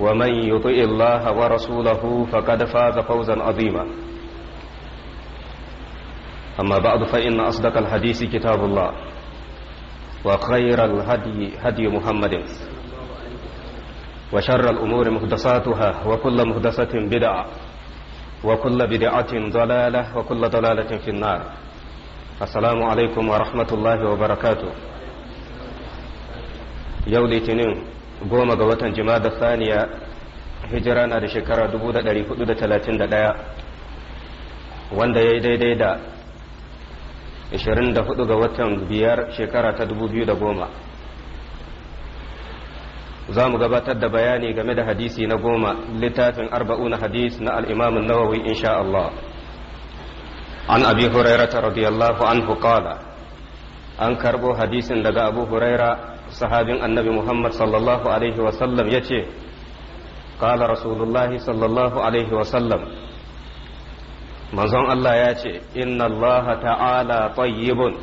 ومن يطع الله ورسوله فقد فاز فوزا عظيما أما بعد فإن أصدق الحديث كتاب الله وخير الهدي هدي محمد وشر الأمور محدثاتها وكل محدثة بدعة وكل بدعة ضلالة وكل ضلالة في النار السلام عليكم ورحمة الله وبركاته يوم الاثنين goma ga watan da saniya hijira na da shekara 431 wanda ya yi daidai da 24 ga watan biyar shekara ta 2010 za mu gabatar da bayani game da hadisi na goma littafin arba'una hadis na al'imamin nawawi insha Allah an abi hurairata radiyallahu anhu qala an karbo hadisin daga abu huraira sahabin annabi Muhammad sallallahu alaihi wasallam ya ce, Kala Rasulullahi sallallahu alaihi wasallam, manzon Allah ya ce, Inna Allah ta'ala tayyibun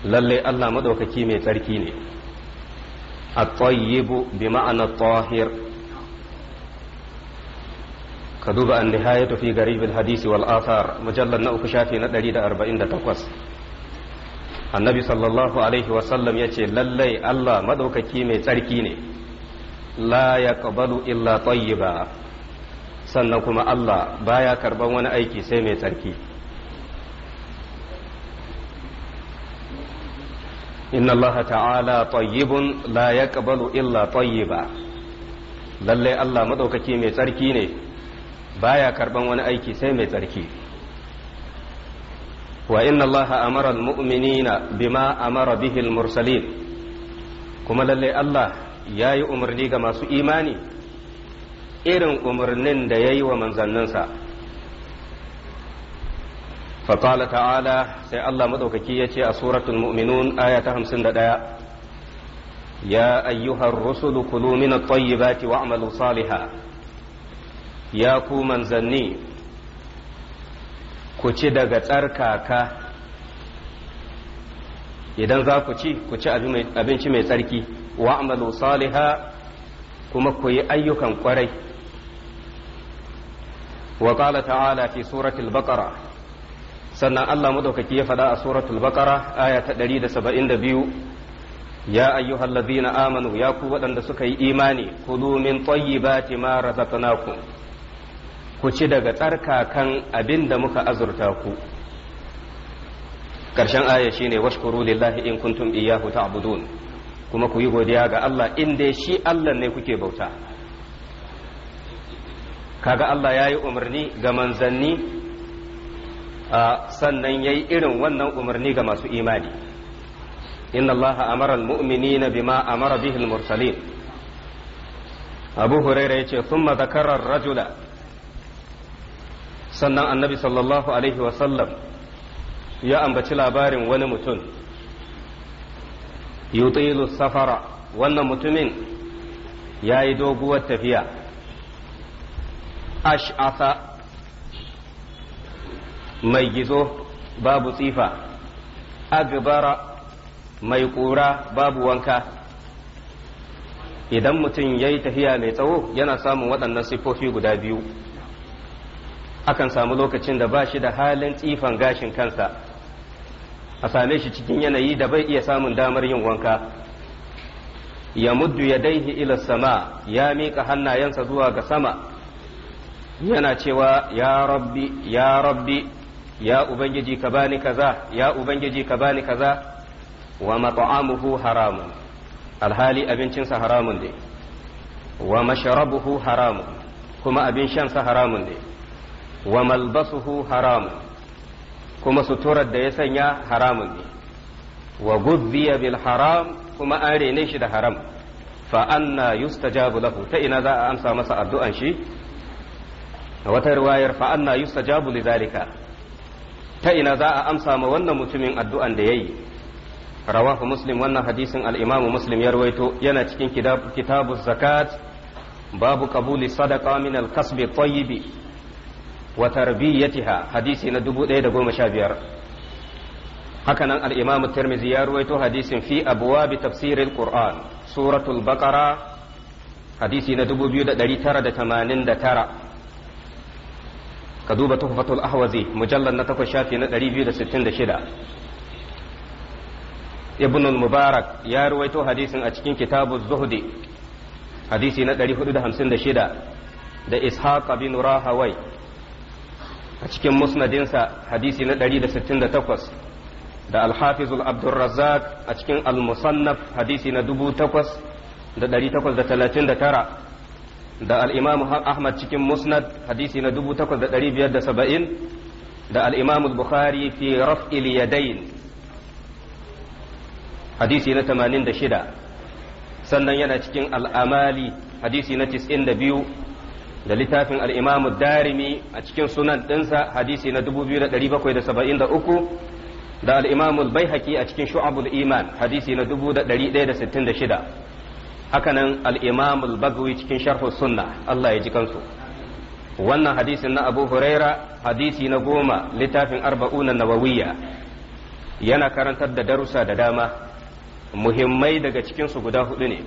lalle Allah maɗaukaki mai tsarki ne, a tayyibu bi ma'ana tahir. ka duba an nihayatu fi garibin hadisi wal'afar, mujallar na uku shafi na 148 annabi sallallahu alaihi wasallam ya ce lallai Allah madaukaki mai tsarki ne la ya ƙabalu illa tayyiba sannan kuma Allah baya karban wani aiki sai mai tsarki inna Allah ta'ala tayyibun la ya ƙabalu illa tayyiba lallai Allah madaukaki mai tsarki ne baya karban wani aiki sai mai tsarki wa inna allaha amara almu'minina bima amara bihi mursalin kuma lalle Allah ya yi umarni ga masu imani irin umarnin da ya yi wa manzanninsa فقال تعالى سي الله مدوككي يتي سورة المؤمنون آية 51 يا أيها الرسل كلوا من الطيبات واعملوا صالحا يا كو من زني ku ci daga tsarkaka idan za ku ci ku ci abinci mai tsarki wa amalu saliha kuma ku yi ayyukan kwarai wa qala ta'ala fi suratul baqara sannan Allah madaukaki ya faɗa a suratul baqara aya ta 172 ya أيها الذين آمنوا يا waɗanda suka yi imani خذوا من طيبات ما رزقناكم ku ci daga tsarkakan abin da muka azurta ku ƙarshen aya shine washkuru lillahi in kuntum ta ta'budun kuma ku yi godiya ga Allah in dai shi Allah ne kuke bauta kaga Allah ya yi umarni ga manzanni sannan ya yi irin wannan umarni ga masu imani inna Allah amara al-mu'minina bima amara bihil mursalin abu huraira yace sun zakara ar-rajula sannan annabi sallallahu alaihi wasallam ya ambaci labarin wani mutum yutilu safara wannan mutumin ya yi doguwar tafiya ash'asa mai gizo babu tsifa agbara mai ƙura babu wanka idan mutum ya yi tafiya mai tsawo yana samun waɗannan sifofi guda biyu akan samu lokacin da ba shi da halin tsifan gashin kansa a same shi cikin yanayi da bai iya samun damar yin wanka ya muddu ya daihi ila sama ya miƙa hannayensa zuwa ga sama yana cewa ya rabbi ya rabbi ya ubangiji ka bani kaza ya ubangiji ka bani kaza wa mat'amuhu haramun alhali abincinsa haramun ne wa mashrabuhu haramun kuma abin shansa haramun ne wa malbasuhu haramun kuma suturar da ya sanya haramun ne wa gudbiya bil haram kuma an rene shi da haram fa anna yustajabu lahu ta ina za a amsa masa addu'an shi a wata riwayar fa anna yustajabu zalika ta ina za a amsa ma wannan mutumin addu'an da yayi rawahu muslim wannan hadisin al-imamu muslim ya rawaito yana cikin kitabu zakat babu qabuli sadaqa min al-kasbi tayyibi wa tarbiyyatiha hadisi na 1115 haka nan al-Imam Tirmidhi ya ruwaito hadisin fi abwab tafsir al-Qur'an suratul baqara hadisi na 2989 ka duba tuhfatul ahwazi mujallar na takwas shafi na 266 ibn mubarak ya ruwaito hadisin a cikin kitabu zuhdi hadisi na 456 da ishaq bin rahawai a cikin musnadinsa hadisi na 168 da alhafizul abdurrazzaq a cikin almusannaf hadisi na 8839 da al'imamu ahmad cikin musnad hadisi na 8570 da al'imamu bukhari fi raf'il yadain hadisi na 86 sannan yana cikin al'amali hadisi na 92 da littafin al'imamu darimi a cikin sunan ɗinsa hadisi na 2773 da al'imamu baihaki a cikin shu'abul iman hadisi na 1166 hakanan al'imamu bagawi cikin sharhu sunna Allah ya ji kansu wannan hadisin na abu huraira hadisi na goma littafin arba'unan nawawiya yana karantar da darusa da dama muhimmai daga cikinsu guda hudu ne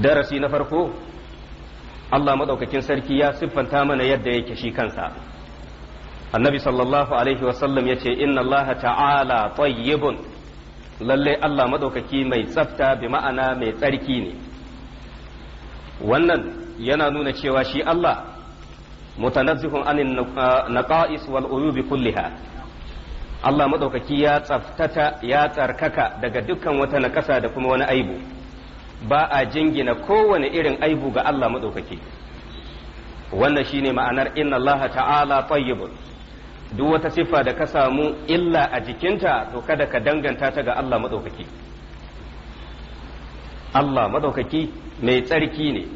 darasi na farko Allah madaukakin sarki ya siffanta mana yadda yake shi kansa annabi sallallahu alaihi wasallam ya ce inna Allah ta'ala tayyibun Lallai Allah madaukaki mai tsafta bi ma'ana mai tsarki ne wannan yana nuna cewa shi Allah mutanazzihun anin naqa'is wal uyubi kulliha Allah madaukaki ya tsaftata ya tsarkaka daga dukkan wata naƙasa da kuma wani aibu ba a jingina kowane irin aibu ga Allah maɗaukaki wannan shi ne ma'anar inna Allah ta'ala tayyibun duk wata siffa da ka samu illa a jikinta to kada ka danganta ta ga Allah maɗaukaki Allah maɗaukaki mai tsarki ne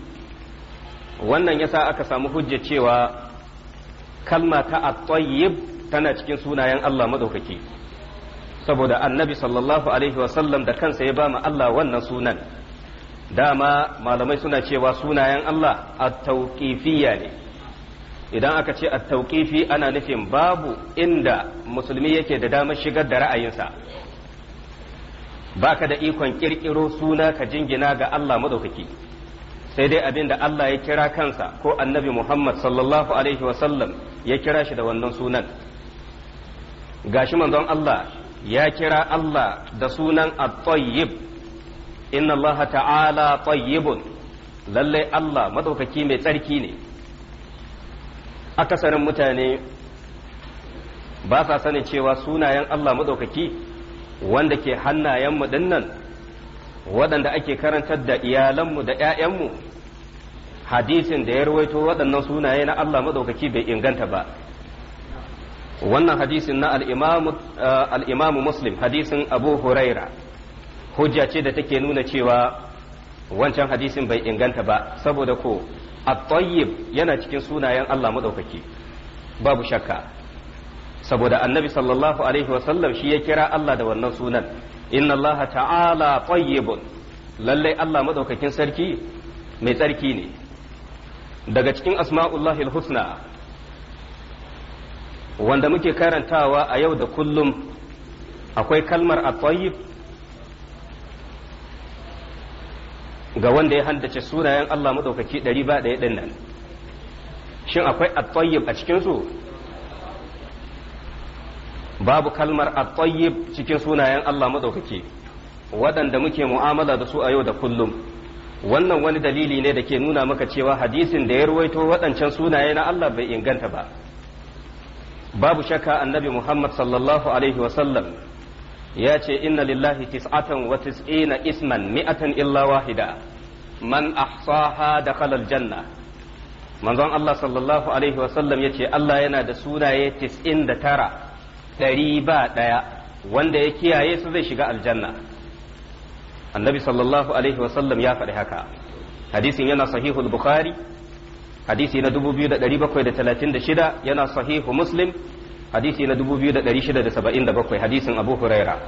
wannan yasa aka samu hujja cewa kalma ta a tayyib tana cikin sunayen Allah maɗaukaki saboda annabi sallallahu alaihi wasallam da kansa ya ba mu Allah wannan sunan dama malamai suna cewa sunayen Allah at ne idan aka ce at ana nufin babu inda musulmi yake da damar shigar da ra'ayinsa baka da ikon ƙirƙiro suna ka jingina ga Allah madaukaki sai dai abin da Allah ya kira kansa ko annabi Muhammad sallallahu alaihi wasallam ya kira shi da wannan sunan gashi manzon Allah ya kira Allah da sunan at-tayyib inna Allah ta'ala tayyibun lalle Allah madaukaki mai tsarki ne akasarin mutane ba sa sani cewa sunayen Allah madaukaki wanda ke hannayenmu dinnan waɗanda ake karantar da iyalanmu da 'ya'yanmu hadisin da ya rawaito waɗannan sunaye na Allah madaukaki bai inganta ba wannan hadisin na al'imamu muslim hadisin abu huraira hujja ce da take nuna cewa wancan hadisin bai inganta ba saboda ko at-tayyib yana cikin sunayen Allah madaukaki babu shakka saboda annabi sallallahu alaihi wa sallam shi ya kira Allah da wannan sunan inna Allah ta'ala tayyibun lalle Allah madaukakin sarki mai tsarki ne daga cikin asma'ullahi husna wanda muke karantawa a yau da kullum akwai kalmar at-tayyib ga wanda ya haddace sunayen Allah maɗaukaki ɗari ba ɗaya ɗin nan shin akwai at-tayyib a cikinsu babu kalmar at-tayyib cikin sunayen Allah maɗaukaki waɗanda muke mu'amala da su a yau da kullum wannan wani dalili ne da ke nuna maka cewa hadisin da ya ruwaito waɗancan sunaye na Allah bai inganta ba babu shakka annabi Muhammad sallallahu alaihi wasallam ya ce inna lillahi tis'atan wa tis'ina isman mi'atan illa wahida man da dakhala janna. manzon Allah sallallahu alaihi wa sallam yace Allah yana da sunaye 99 ɗari ba ɗaya wanda ya kiyaye su zai shiga aljanna annabi sallallahu alaihi wa ya faɗi haka hadisin yana sahihu bukhari hadisi na da 2736 yana sahihu muslim hadisi na 2677 hadisin abu huraira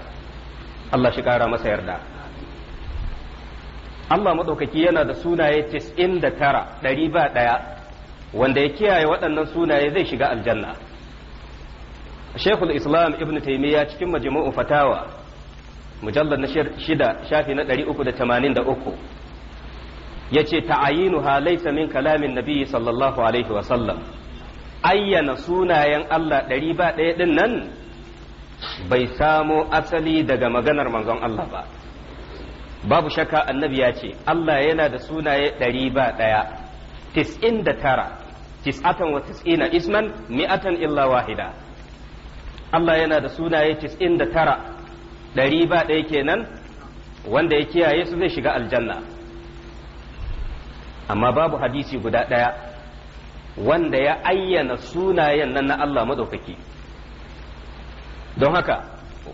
Allah shi kara masa yarda Allah maɗaukaki yana da sunaye 99 ɗari ba ɗaya wanda ya kiyaye waɗannan sunaye zai shiga aljanna Sheikhul Islam Ibn Taimiyya cikin majmu'u fatawa mujallar na shida shafi na 383 ta'ayinu ta'ayinuha laysa min kalamin nabiyyi sallallahu alaihi wa sallam ayyana sunayen Allah ɗari ba ɗaya ɗin nan bai samo asali daga maganar manzon Allah ba babu shaka annabi ya ce Allah yana da sunaye ɗari ba ɗaya tis'in da tara tis'atan wa tis'ina isman mi'atan illa wahida Allah yana da sunaye tis'in da tara ɗari ba ɗaya kenan wanda ya kiyaye su zai shiga aljanna amma babu hadisi guda ɗaya wanda ya ayyana sunayen nan na Allah madaukaki don haka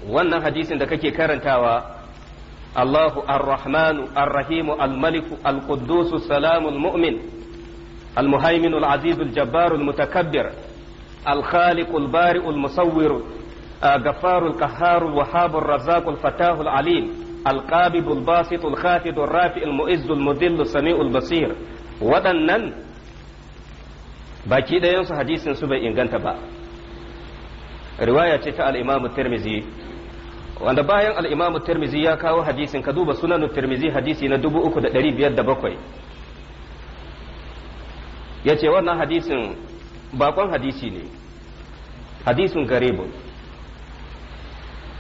wannan hadisin da kake karantawa Allahu ar-Rahmanu al-Maliku al salamul mu'min al-Muhaiminu al mutakabbir musawwiru غفار القهار الوهاب الرزاق الفتاه العليم القابض الباسط الخافض الرافع المؤز المذل السميع البصير waɗannan baki ɗayansu hadisin su bai inganta ba riwaya ce ta al'imamu tirmizi wanda bayan al'imamu tirmizi ya kawo hadisin ka duba sunan tirmizi hadisi na 3,507 ya ce wannan hadisin bakon hadisi ne hadisin garibu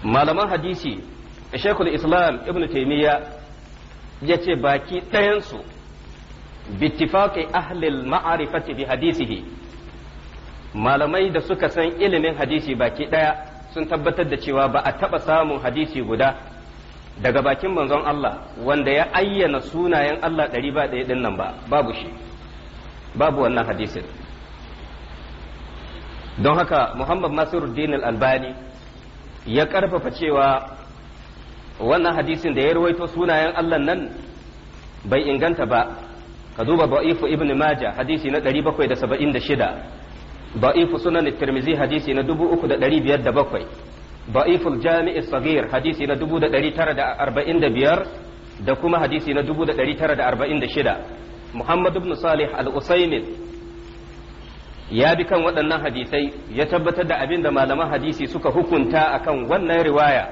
malaman hadisi shekul islam ibn taimiyya ya ce baki ɗayansu bittifaqi ahlil ma'arifati bi hadisihi malamai da suka san ilimin hadisi baki ɗaya sun tabbatar da cewa ba a taɓa samun hadisi guda daga bakin manzon Allah wanda ya ayyana sunayen Allah ɗari ba ɗaya ɗin ba babu shi babu wannan hadisin don haka Muhammad Nasiruddin Al-Albani ya karfafa cewa wannan hadisin da ya rawaito sunayen Allah nan bai inganta ba ka duba da'ifu ibn maja hadisi na 776 da'ifu sunan tirmizi hadisi na 3507 da'ifu jami'i sagir hadisi na 1945 da kuma hadisi na 1946 muhammad ibn salih al-usaimin ya bi kan waɗannan hadisai ya tabbatar da abin da malaman hadisi suka hukunta akan wannan riwaya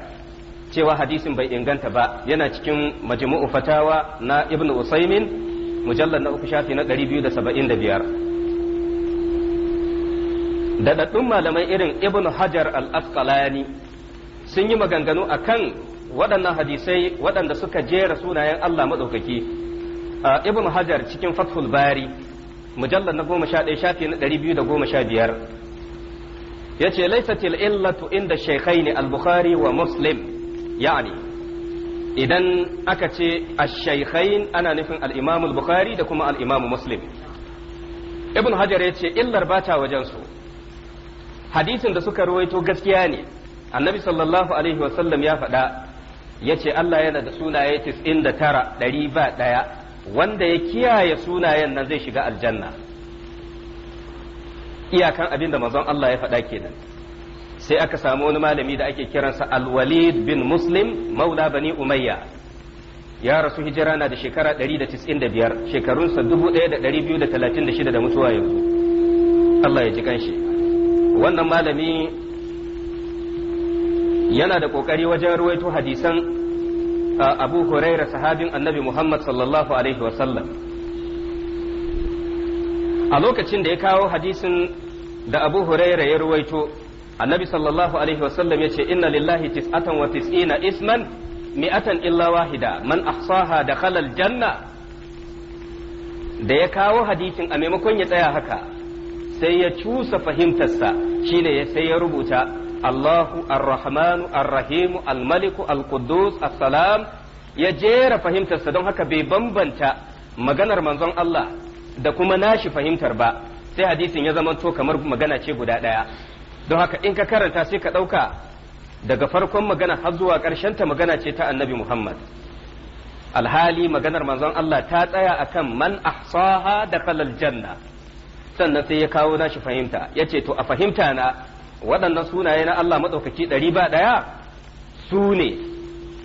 cewa hadisin bai inganta ba yana cikin majmu'u fatawa na ibn usaimin mujallar na uku shafi na 275 daɗaɗɗun malamai irin ibn hajar al-asqalani sun yi maganganu a kan waɗannan hadisai waɗanda suka jera sunayen allah maɗaukaki ibn hajar cikin fathul bari mujallar na goma sha ɗaya shafi na ɗari biyu da goma sha biyar ya ce laifatil illatu inda shekai ne al-bukhari wa muslim ya'ani idan aka ce ashaikhain ana nufin al-imam bukhari da kuma al muslim ibn hajar ya ce illar bata wajen su hadisin da suka ruwaito gaskiya ne annabi sallallahu alaihi wasallam ya faɗa ya ce Allah yana da sunaye 99 dari ba ɗaya wanda ya kiyaye sunayen nan zai shiga aljanna iyakan abin da manzon Allah ya faɗa kenan sai aka samu wani malami da ake kiransa al-walid bin muslim maula bani umayya ya rasu hijira na da shekara 195 shekarunsa 1236 da mutuwa yanzu Allah ya ji kanshi wannan malami yana da kokari wajen ruwaito hadisan abu huraira sahabin annabi muhammad sallallahu alaihi wasallam a lokacin da ya kawo hadisin da abu huraira ya ruwaito annabi sallallahu alaihi wasallam yace inna lillahi tis'atan wa tis'ina isman mi'atan illa wahida man da khalal janna. da ya kawo hadisin a maimakon ya tsaya haka sai ya cusa fahimtarsa shine ya sai ya rubuta Allahu ar-Rahmanu ar-Rahim al-Maliku al-Quddus as-Salam ya jera fahimtarsa don haka bai bambanta maganar manzon Allah da kuma nashi fahimtar ba sai hadisin ya zama to kamar magana ce guda ɗaya don haka in ka karanta sai ka ɗauka daga farkon magana har zuwa ta magana ce ta annabi Muhammad alhali maganar manzon Allah ta tsaya akan man ahsaha da kalal janna sannan sai ya kawo nashi fahimta ya ce to a fahimta na waɗannan sunaye na Allah maɗaukaki ɗari ba ɗaya su ne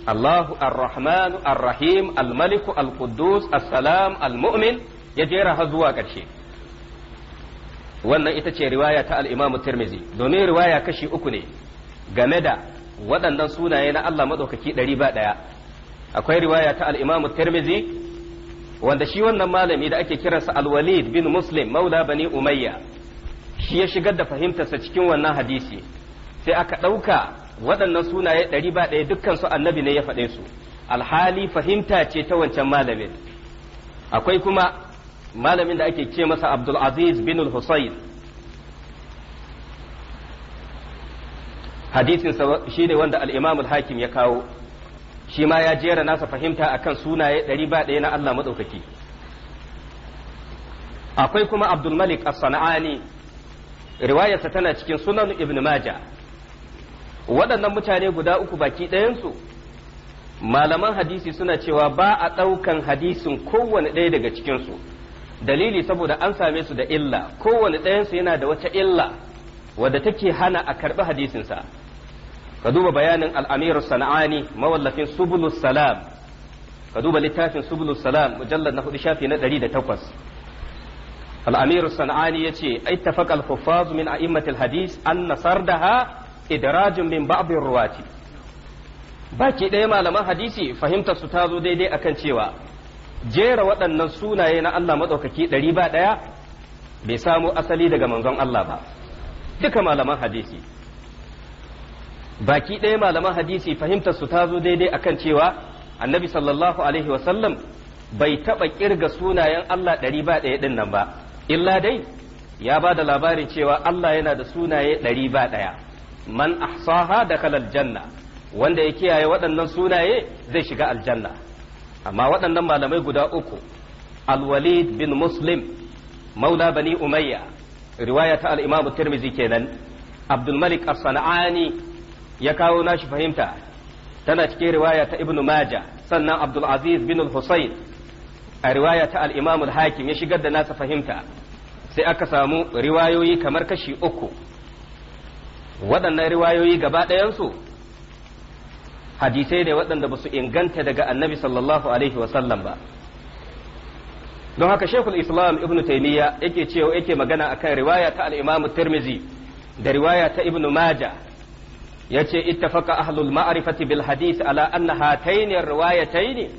Allahu ar-Rahmanu ar-Rahim al-Maliku al-Quddus as-Salam al-Mu'min ya jera har zuwa ƙarshe wannan ita ce riwaya ta al tirmizi domin riwaya kashi uku ne game da waɗannan sunaye na Allah maɗaukaki ɗari ba ɗaya akwai riwaya ta al-Imam wanda shi wannan malami da ake kiransa al-Walid bin Muslim maula bani Umayya shi ya shigar da fahimtarsa cikin wannan hadisi sai aka ɗauka waɗannan sunaye ɗari ba ɗaya dukkan su annabi ne ya faɗe su alhali fahimta ce ta wancan malamin akwai kuma malamin da ake ce masa abdul aziz bin al-husayn hadisin shi ne wanda al-imam al-hakim ya kawo shi ma ya jera nasa fahimta akan sunaye ɗari ba ɗaya na Allah maɗaukaki akwai kuma abdul malik as-sana'ani riwayarsa tana cikin sunan ibn maja waɗannan mutane guda uku baki ɗayansu malaman hadisi suna cewa ba a ɗaukan hadisin kowane ɗaya daga cikinsu dalili saboda an same su da illa kowane ɗayansu yana da wata illa wadda take hana a karɓi hadisinsa ka duba bayanin al'amiru sana'ani mawallafin subulus salam ka duba littafin subulus salam mujallar na hudu shafi na ɗari da takwas al'amiru sana'ani ya ce ai al-huffaz min a'immatil hadis an nasar da ha idirajin min ba'bin ruwati baki ɗaya malaman hadisi fahimtar su ta zo daidai akan cewa jera waɗannan sunaye na Allah maɗaukaki ɗari ba ɗaya bai samo asali daga manzon Allah ba duka malaman hadisi baki ɗaya malaman hadisi fahimtar su ta zo daidai a kan cewa annabi sallallahu alaihi wasallam bai taɓa ƙirga sunayen Allah ɗari ba ɗaya ɗin nan ba illa dai ya ba da labarin cewa Allah yana da sunaye ɗari ba ɗaya man ahsaha da kalal janna wanda ya kiyaye waɗannan sunaye zai shiga aljanna amma waɗannan malamai guda uku alwalid bin muslim maula bani umayya riwaya ta al'imamu tirmizi kenan abdulmalik as-sana'ani ya kawo nashi fahimta tana cikin riwaya ta ibnu maja sannan abdulaziz bin al-husayn a riwaya ta al'imamu hakim ya shigar da nasa fahimta sai aka samu riwayoyi kamar kashi uku waɗannan riwayoyi gaba ɗayansu hadisai ne waɗanda ba su inganta daga annabi sallallahu alaihi wasallam ba don haka shekul islam ibnu taimiyya yake cewa yake magana akan riwaya ta al-imam tirmizi da riwaya ta Ibn maja yace ce ittafaqa ahlul ma'rifati bil hadith ala anna hataini riwayataini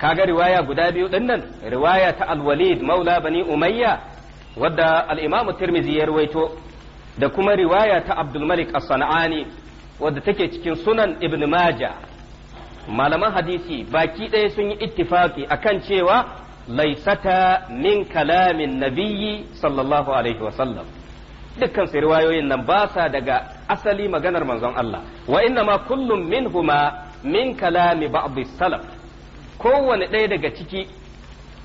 kaga riwaya guda biyu dinnan riwaya ta al-walid maula bani umayya wadda al-imamu tirmizi ya rawaito da kuma riwaya ta abdul malik as-sanani wadda take cikin sunan ibn maja malaman hadisi baki ɗaya sun yi ittifaki akan cewa laisata min kalamin nabiyyi sallallahu alaihi sallam. dukkan su riwayoyin nan ba sa daga asali maganar manzon Allah wa inna ma kullum minhuma min kalami ba'd salaf kowane ɗaya daga ciki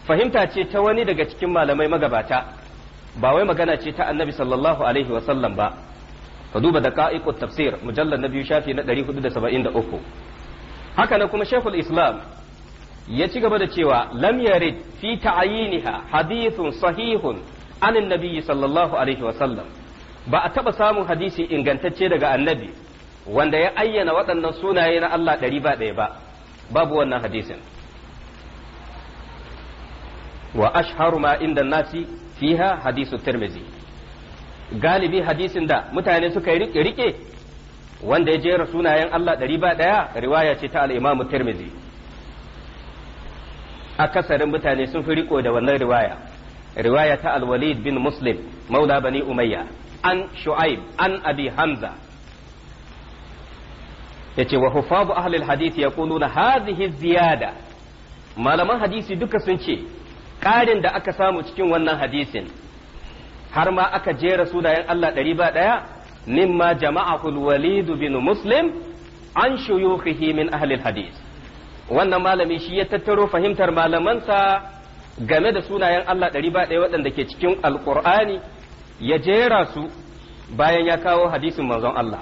fahimta ce ta wani daga cikin malamai magabata ba wai magana ce ta annabi sallallahu alaihi sallam ba ka duba da ka'iku tafsir mujallar na biyu shafi na 473 haka na kuma shekul islam ya ci gaba da cewa lam yarid fi ta'ayiniha hadithun sahihun anin nabiyyi sallallahu alaihi wasallam ba a taɓa samun hadisi ingantacce daga annabi wanda ya ayyana waɗannan sunaye na Allah ɗari ba ɗaya ba babu wannan hadisin wa ashharu ma inda nasi fiha hadisu tirmidhi galibi hadisin da mutane suka rike rike wanda ya jera sunayen Allah ɗari ba ɗaya riwaya ce ta al'imamu tirmizi akasarin mutane sun fi riko da wannan riwaya riwaya ta alwalid bin muslim maula bani umayya an shu'aib an abi hamza yace wa hadisi ahli alhadith yaquluna hadhihi ziyada malaman hadisi duka sun ce ƙarin da aka samu cikin wannan hadisin har ma aka jera sunayen Allah ɗari ba ɗaya ma jama'a walid bin muslim an shuyo min ahli hadith wannan malami shi ya tattaro fahimtar malamansa game da sunayen Allah ɗari ba ɗaya waɗanda ke cikin alƙur'ani ya jera su bayan ya kawo hadisin manzon Allah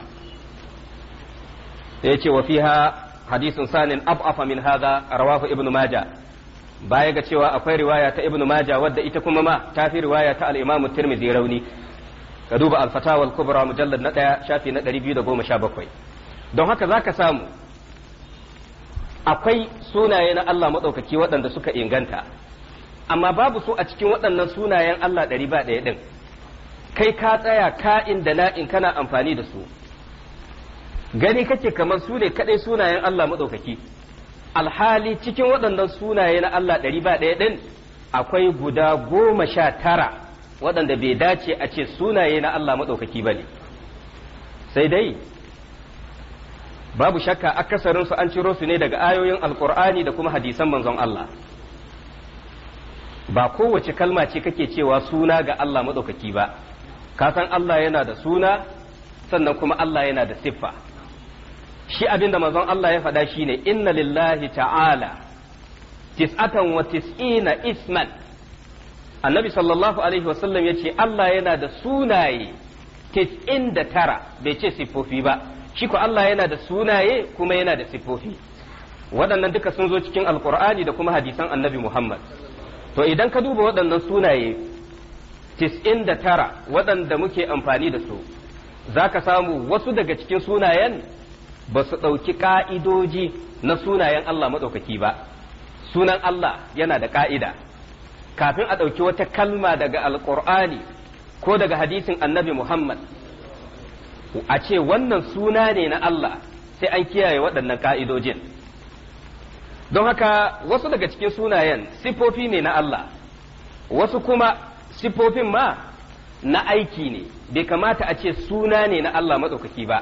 ya ce wa fiha hadisin sanin ab'afa min hadha rawahu ibnu majah baya ga cewa akwai riwaya ta ibnu maja wadda ita kuma ma ta fi riwaya ta al tirmidhi rauni ka duba al kubra mujallad na ɗaya shafi na 217 don haka zaka samu akwai sunaye na Allah madaukaki waɗanda suka inganta amma babu su a cikin waɗannan sunayen Allah ɗari ba ɗaya ɗin kai ka tsaya ka in da in kana amfani da su gani kake kamar su ne kaɗai sunayen Allah maɗaukaki alhali cikin waɗannan sunaye na Allah ɗari ba ɗaya ɗin akwai guda goma sha tara waɗanda bai dace a ce sunaye na Allah maɗaukaki ba ne sai dai babu shakka akasarinsu an ciro su ne daga ayoyin alƙur'ani da kuma hadisan manzon Allah ba kowace kalma ce kake cewa suna ga Allah maɗaukaki ba ka san Allah yana da suna sannan kuma Allah yana da siffa shi abinda manzon Allah ya faɗa shine inna lillahi ta'ala tis'atan wa tis'ina isman annabi sallallahu alaihi wasallam ya ce Allah yana da sunaye tis'in da tara bai ce siffofi ba shi ko Allah yana da sunaye kuma yana da siffofi waɗannan duka sun zo cikin alkur'ani da kuma hadisan annabi muhammad to idan ka duba waɗannan sunaye tis'in da tara waɗanda muke amfani da su za ka samu wasu daga cikin sunayen ba su ɗauki ƙa'idoji na sunayen Allah maɗaukaki ba sunan Allah yana da ƙa'ida kafin a ɗauki wata kalma daga alƙur'ani ko daga hadisin annabi Muhammad a ce wannan suna ne na Allah sai an kiyaye waɗannan ƙa'idojin don haka wasu daga cikin sunayen sifofi ne na Allah wasu kuma sifofin ma na aiki ne bai kamata a ce suna ne na Allah maɗaukaki ba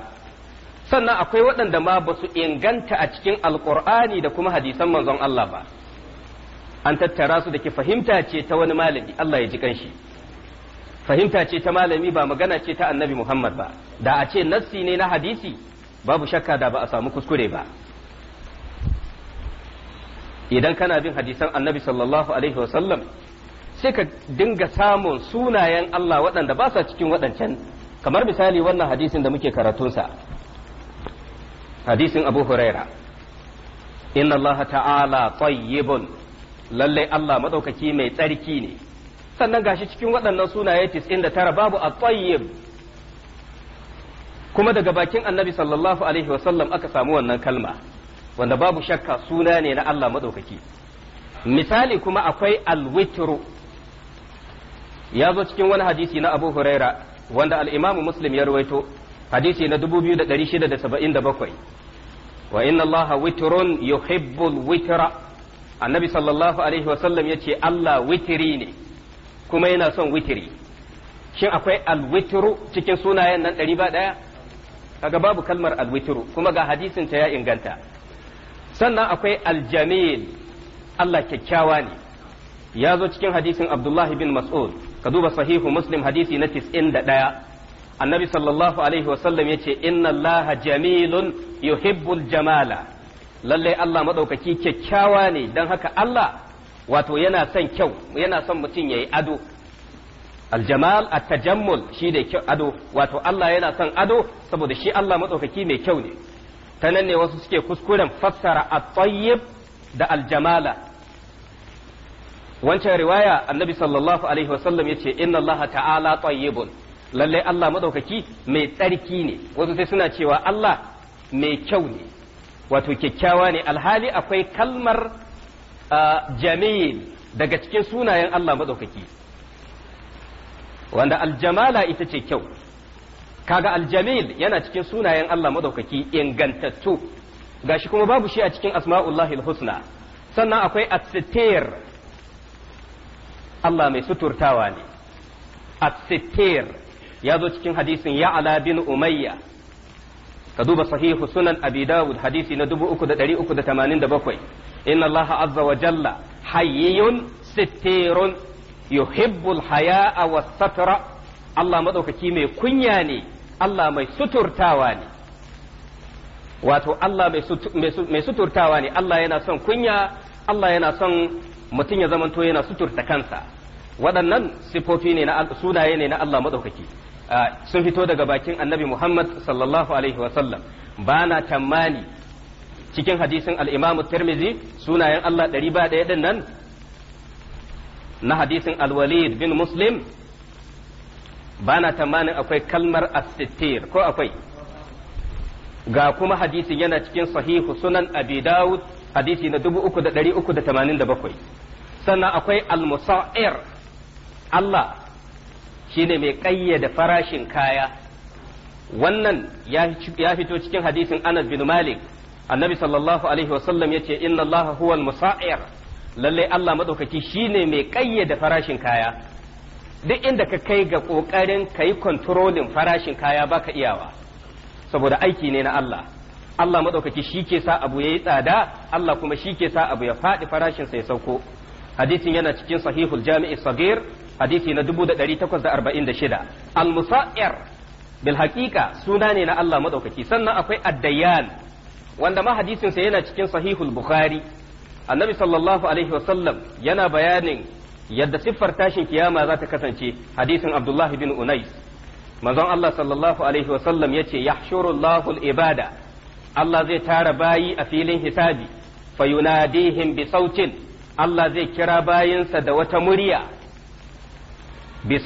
sannan akwai waɗanda ma ba su inganta a cikin alƙur'ani da kuma hadisan manzon Allah ba an tattara su da ke fahimta ce ta wani malami Allah ya ji kanshi fahimta ce ta malami ba magana ce ta annabi Muhammad ba da a ce nassi ne na hadisi babu shakka da ba a samu kuskure ba idan kana bin hadisan annabi sallallahu alaihi wasallam sai ka dinga samun sunayen Allah waɗanda ba sa cikin waɗancan kamar misali wannan hadisin da muke karatunsa hadisin abu huraira inna allaha ta'ala tayyibun lalle allah madaukaki mai tsarki ne sannan gashi cikin waɗannan sunaye 99 babu at-tayyib kuma daga bakin annabi sallallahu alaihi wasallam aka samu wannan kalma wanda babu shakka suna ne na Allah madaukaki misali kuma akwai al ya zo cikin wani hadisi na Abu Huraira wanda al-Imam Muslim ya rawaito hadisi na 2677 wa inna allaha witrun yuhibbul witra annabi sallallahu alaihi wasallam yace Allah witiri ne kuma yana son witiri shin akwai alwitru cikin sunayen nan ɗari ba ɗaya kaga babu kalmar alwitru kuma ga hadisin ta ya inganta sannan akwai aljamil Allah kyakkyawa ne ya zo cikin hadisin Abdullahi bin Mas'ud ka duba sahihu Muslim hadisi na ɗaya. annabi sallallahu alaihi wasallam ya ce inna jamilun yuhibbul jamala lallai Allah maɗaukaki kyakkyawa ne don haka Allah wato yana son kyau yana son mutum ya yi ado aljamal at-tajammul shi da kyau ado wato Allah yana son ado saboda shi Allah maɗaukaki mai kyau ne ta nan ne wasu suke kuskuren fassara at-tayyib da aljamala wancan riwaya annabi sallallahu alaihi wasallam yace inna Allah ta'ala tayyibun lallai Allah madaukaki mai tsarki ne wasu sai suna cewa Allah mai kyau ne wato kyakkyawa ne alhali akwai kalmar jamil daga cikin sunayen Allah madaukaki wanda aljamala ita ce kyau kaga aljamil yana cikin sunayen Allah madaukaki ingantattu gashi kuma babu shi a cikin asma'ullahil husna sannan akwai as-sitir Allah mai suturtawa ne as ya zo cikin hadisin ala bin umayya ka duba sahihu sunan abi dawud hadisi na 3387 inna allaha azza wa jalla hayyun sittirun al haya'a was satra Allah madaukaki mai kunya ne Allah mai suturtawa ne wato Allah mai suturtawa ne Allah yana son kunya Allah yana son mutum ya zamanto yana suturta kansa waɗannan sifofi ne na sunaye ne na Allah madaukaki Ah, sun fito daga bakin annabi Muhammad sallallahu alaihi wasallam ba na tamani cikin hadisin al'imamu tirmizi sunayen Allah ɗari ba ɗaya ɗin nan na hadisin alwalid bin muslim ba na tamanin akwai kalmar asittir ko akwai ga kuma hadisin yana cikin sahihu sunan abi dawud hadisi na 3387 sannan akwai al-musa'ir Allah shine mai ƙayyada farashin kaya wannan ya fito cikin hadisin Anas bin Malik annabi sallallahu alaihi wasallam yace inna Allah huwal musa'ir Lallai Allah madaukaki shine mai da farashin kaya duk inda ka kai ga ƙoƙarin ka yi kontrolin farashin kaya baka iyawa saboda aiki ne na Allah Allah maɗaukaki shi ke sa abu yayi tsada Allah kuma shi ke sa abu ya faɗi farashin ya sauko hadisin yana cikin sahihul jami'i sagir hadisi na dubu da arba'in 1846 al-musa'ir bil haqiqa suna ne na Allah madaukaki sannan akwai ad wanda mahadisinsa yana cikin sahihul bukhari annabi sallallahu alaihi wasallam yana bayanin yadda siffar tashin kiyama zata kasance hadisin abdullahi bin unais manzon Allah sallallahu alaihi wasallam yace yahshurullahu al-ibada Allah zai tara bayi a filin hisabi fayunadihim bi sautin Allah zai kira bayinsa da wata murya bi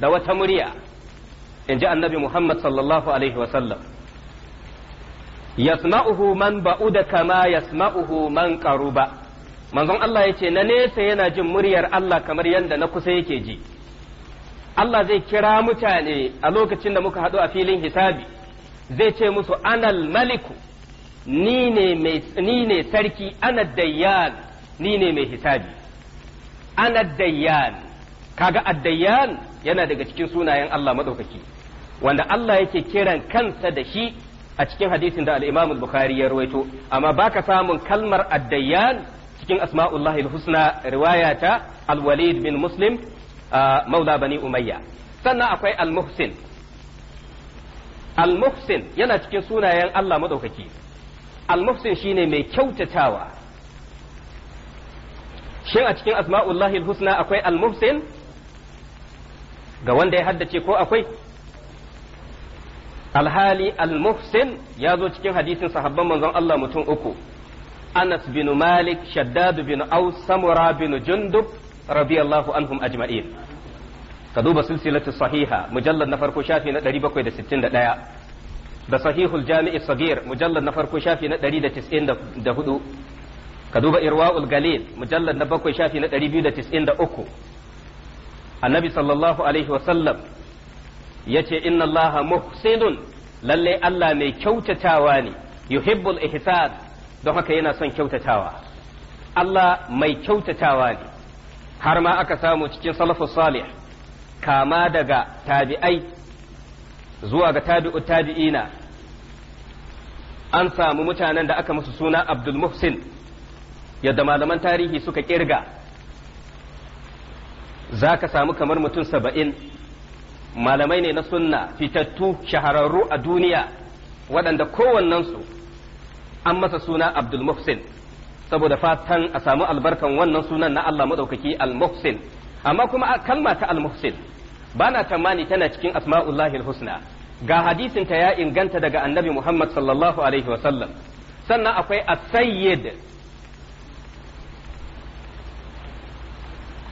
da wata murya Inji annabi Muhammad sallallahu alaihi wasallam yasma'uhu man ba'uda kama yasma'uhu man qaruba manzon Allah yace na nesa yana jin muryar Allah kamar yadda na kusa yake ji Allah zai kira mutane a lokacin da muka haɗu a filin hisabi zai ce musu anal maliku ni ne sarki anad dayyan ni ne mai hisabi anad dayyan kaga addayyan yana daga cikin sunayen Allah madaukaki wanda Allah yake kiran kansa da shi a cikin hadisin da al-Imam al-Bukhari ya rawaito amma baka samun kalmar addayyan cikin asma'ullahi al-husna riwayata al-Walid bin Muslim maula bani Umayya sannan akwai al-Muhsin al-Muhsin yana cikin sunayen Allah madaukaki al-Muhsin shine mai kyautatawa shin a cikin asma'ullahi al-husna akwai al-Muhsin ga wanda ya haddace ko akwai alhali al-muhsin ya zo cikin hadisin sahabban manzon Allah mutum uku Anas bin Malik Shaddad bin Aus Samura bin Jundub radiyallahu anhum ajma'in ka duba silsilatu sahiha mujallad na farko shafi na 761 da sahihul jami'i sagir mujallad na farko shafi na 194 ka duba irwaul galil mujallad na bakwai shafi na 293 annabi sallallahu alaihi wasallam ya ce inna allaha muhsinun lalle Allah mai kyautatawa ne yuhibbul ihsan don haka yana son kyautatawa Allah mai kyautatawa ne har ma aka samu cikin salafus salih kama daga tabi'ai zuwa ga tabi'u tabi'ina an samu mutanen da aka musu suna abdul muhsin yadda malaman tarihi suka kirga za ka samu kamar mutum saba'in malamai ne na sunna fitattu shahararru a duniya waɗanda kowannensu an masa suna abdul muhsin saboda fatan a samu albarkan wannan sunan na Allah maɗaukaki al muhsin amma kuma a kalma ta al muhsin ba na tamani tana cikin asma'ullahi husna ga hadisin ta ya inganta daga annabi muhammad sallallahu alaihi wasallam sannan akwai as-sayyid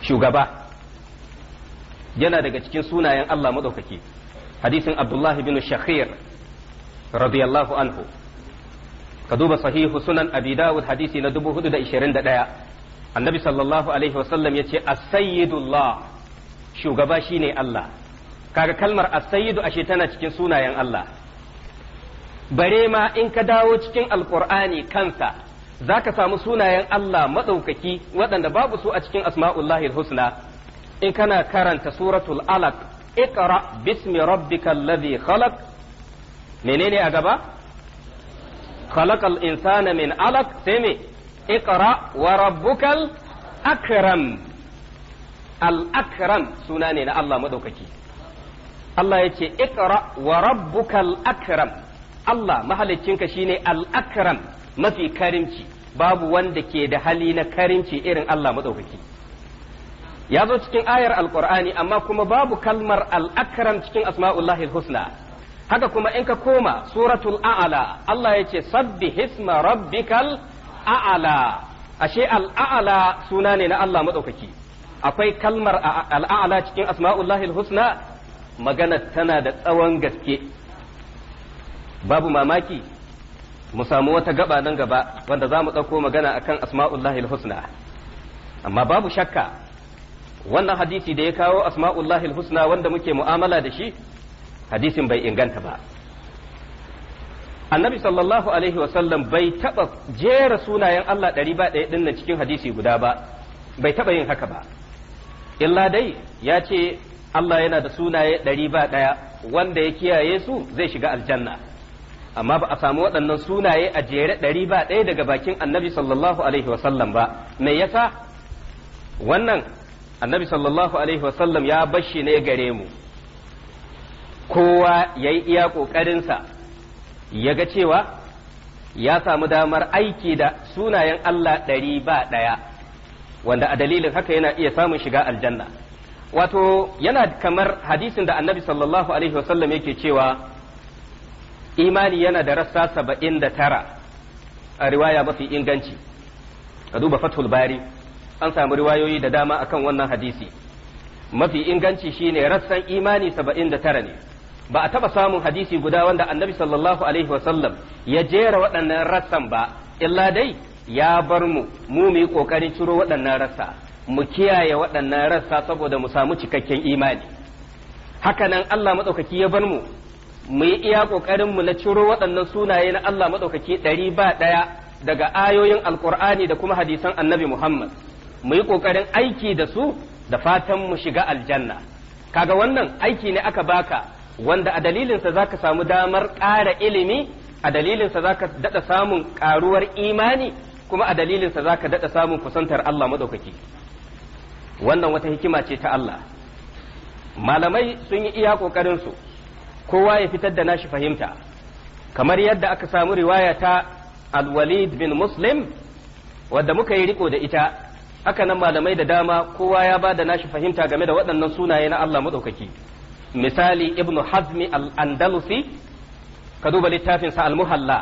shugaba yana daga cikin sunayen Allah maɗaukaki hadisin Abdullahi bin Shakhir radiyallahu anhu ka duba sahihu sunan Abi Dawud hadisi na 421 annabi sallallahu alaihi wasallam yace as-sayyidullah shugaba shine Allah kaga kalmar as-sayyidu ashe tana cikin sunayen Allah bare ma in ka dawo cikin alqur'ani kansa zaka samu sunayen Allah maɗaukaki waɗanda babu su a cikin asma'ullahi husna in kana karanta suratul alaq iqra bismi rabbikal ladhi khalaq menene a gaba khalaqal insana min alaq sai me iqra wa rabbukal akram al akram suna ne na Allah madaukaki Allah ya ce iqra wa rabbukal akram Allah mahalicinka shine al akram mafi karimci babu wanda ke da hali na karimci irin Allah madaukaki ya zo cikin ayar alqur'ani amma kuma babu kalmar al cikin asma'ullahi husna haka kuma in ka koma suratul a'ala Allah ya ce sabbi hisma rabbikal a'la ashe al-a'la suna ne na Allah madaukaki akwai kalmar al-a'la cikin asma'ullahi husna magana tana da tsawon gaske babu mamaki mu samu wata gaba nan gaba wanda za mu ɗauko magana akan asma'ullahi husna amma babu shakka wannan hadisi da ya kawo asma'ullahi husna wanda muke mu'amala da shi hadisin bai inganta ba annabi sallallahu alaihi wasallam bai taba jera sunayen Allah ɗari ba ɗaya ɗin cikin hadisi guda ba bai taba yin haka ba illa dai ya ce Allah yana da sunaye ɗari ba ɗaya wanda ya kiyaye su zai shiga aljanna amma ba a samu waɗannan sunaye a jere ɗari ba ɗaya daga bakin annabi sallallahu alaihi wasallam ba me yasa wannan annabi sallallahu alaihi wasallam ya bashi ne gare mu kowa ya yi iya ƙoƙarinsa ya ga cewa ya samu damar aiki da sunayen Allah ɗari ba ɗaya wanda a dalilin haka yana iya samun shiga aljanna wato yana kamar hadisin da annabi sallallahu alaihi wasallam yake cewa imani yana da rassa saba'in da tara a riwaya mafi inganci ka duba fathul bari an samu riwayoyi da dama akan wannan hadisi mafi inganci shine rassan imani saba'in da tara ne ba a taba samun hadisi guda wanda annabi sallallahu alaihi wasallam ya jera waɗannan rassan ba illa dai ya bar mu mu mu yi kokarin ciro waɗannan rassa mu kiyaye waɗannan rassa saboda mu samu cikakken imani hakanan Allah madaukaki ya bar mu mu yi iya kokarin mu na ciro waɗannan sunaye na Allah madaukaki ɗari ba ɗaya daga ayoyin alkur'ani da kuma hadisan annabi Muhammad mu yi ƙoƙarin aiki da su da fatan mu shiga aljanna kaga wannan aiki ne aka baka wanda a dalilinsa za ka samu damar ƙara ilimi a dalilinsa za ka daɗa samun ƙaruwar imani kuma a dalilinsa za ka daɗa samun kusantar Allah maɗaukaki wannan wata hikima ce ta Allah malamai sun yi iya ƙoƙarinsu kowa ya fitar da nashi fahimta kamar yadda aka samu riwaya ta alwalid bin muslim wadda muka yi riko da ita haka nan malamai da dama kowa ya ba da nashi fahimta game da waɗannan sunaye na Allah maɗaukaki misali ibnu hazmi al-andalusi ka duba littafin sa al-muhalla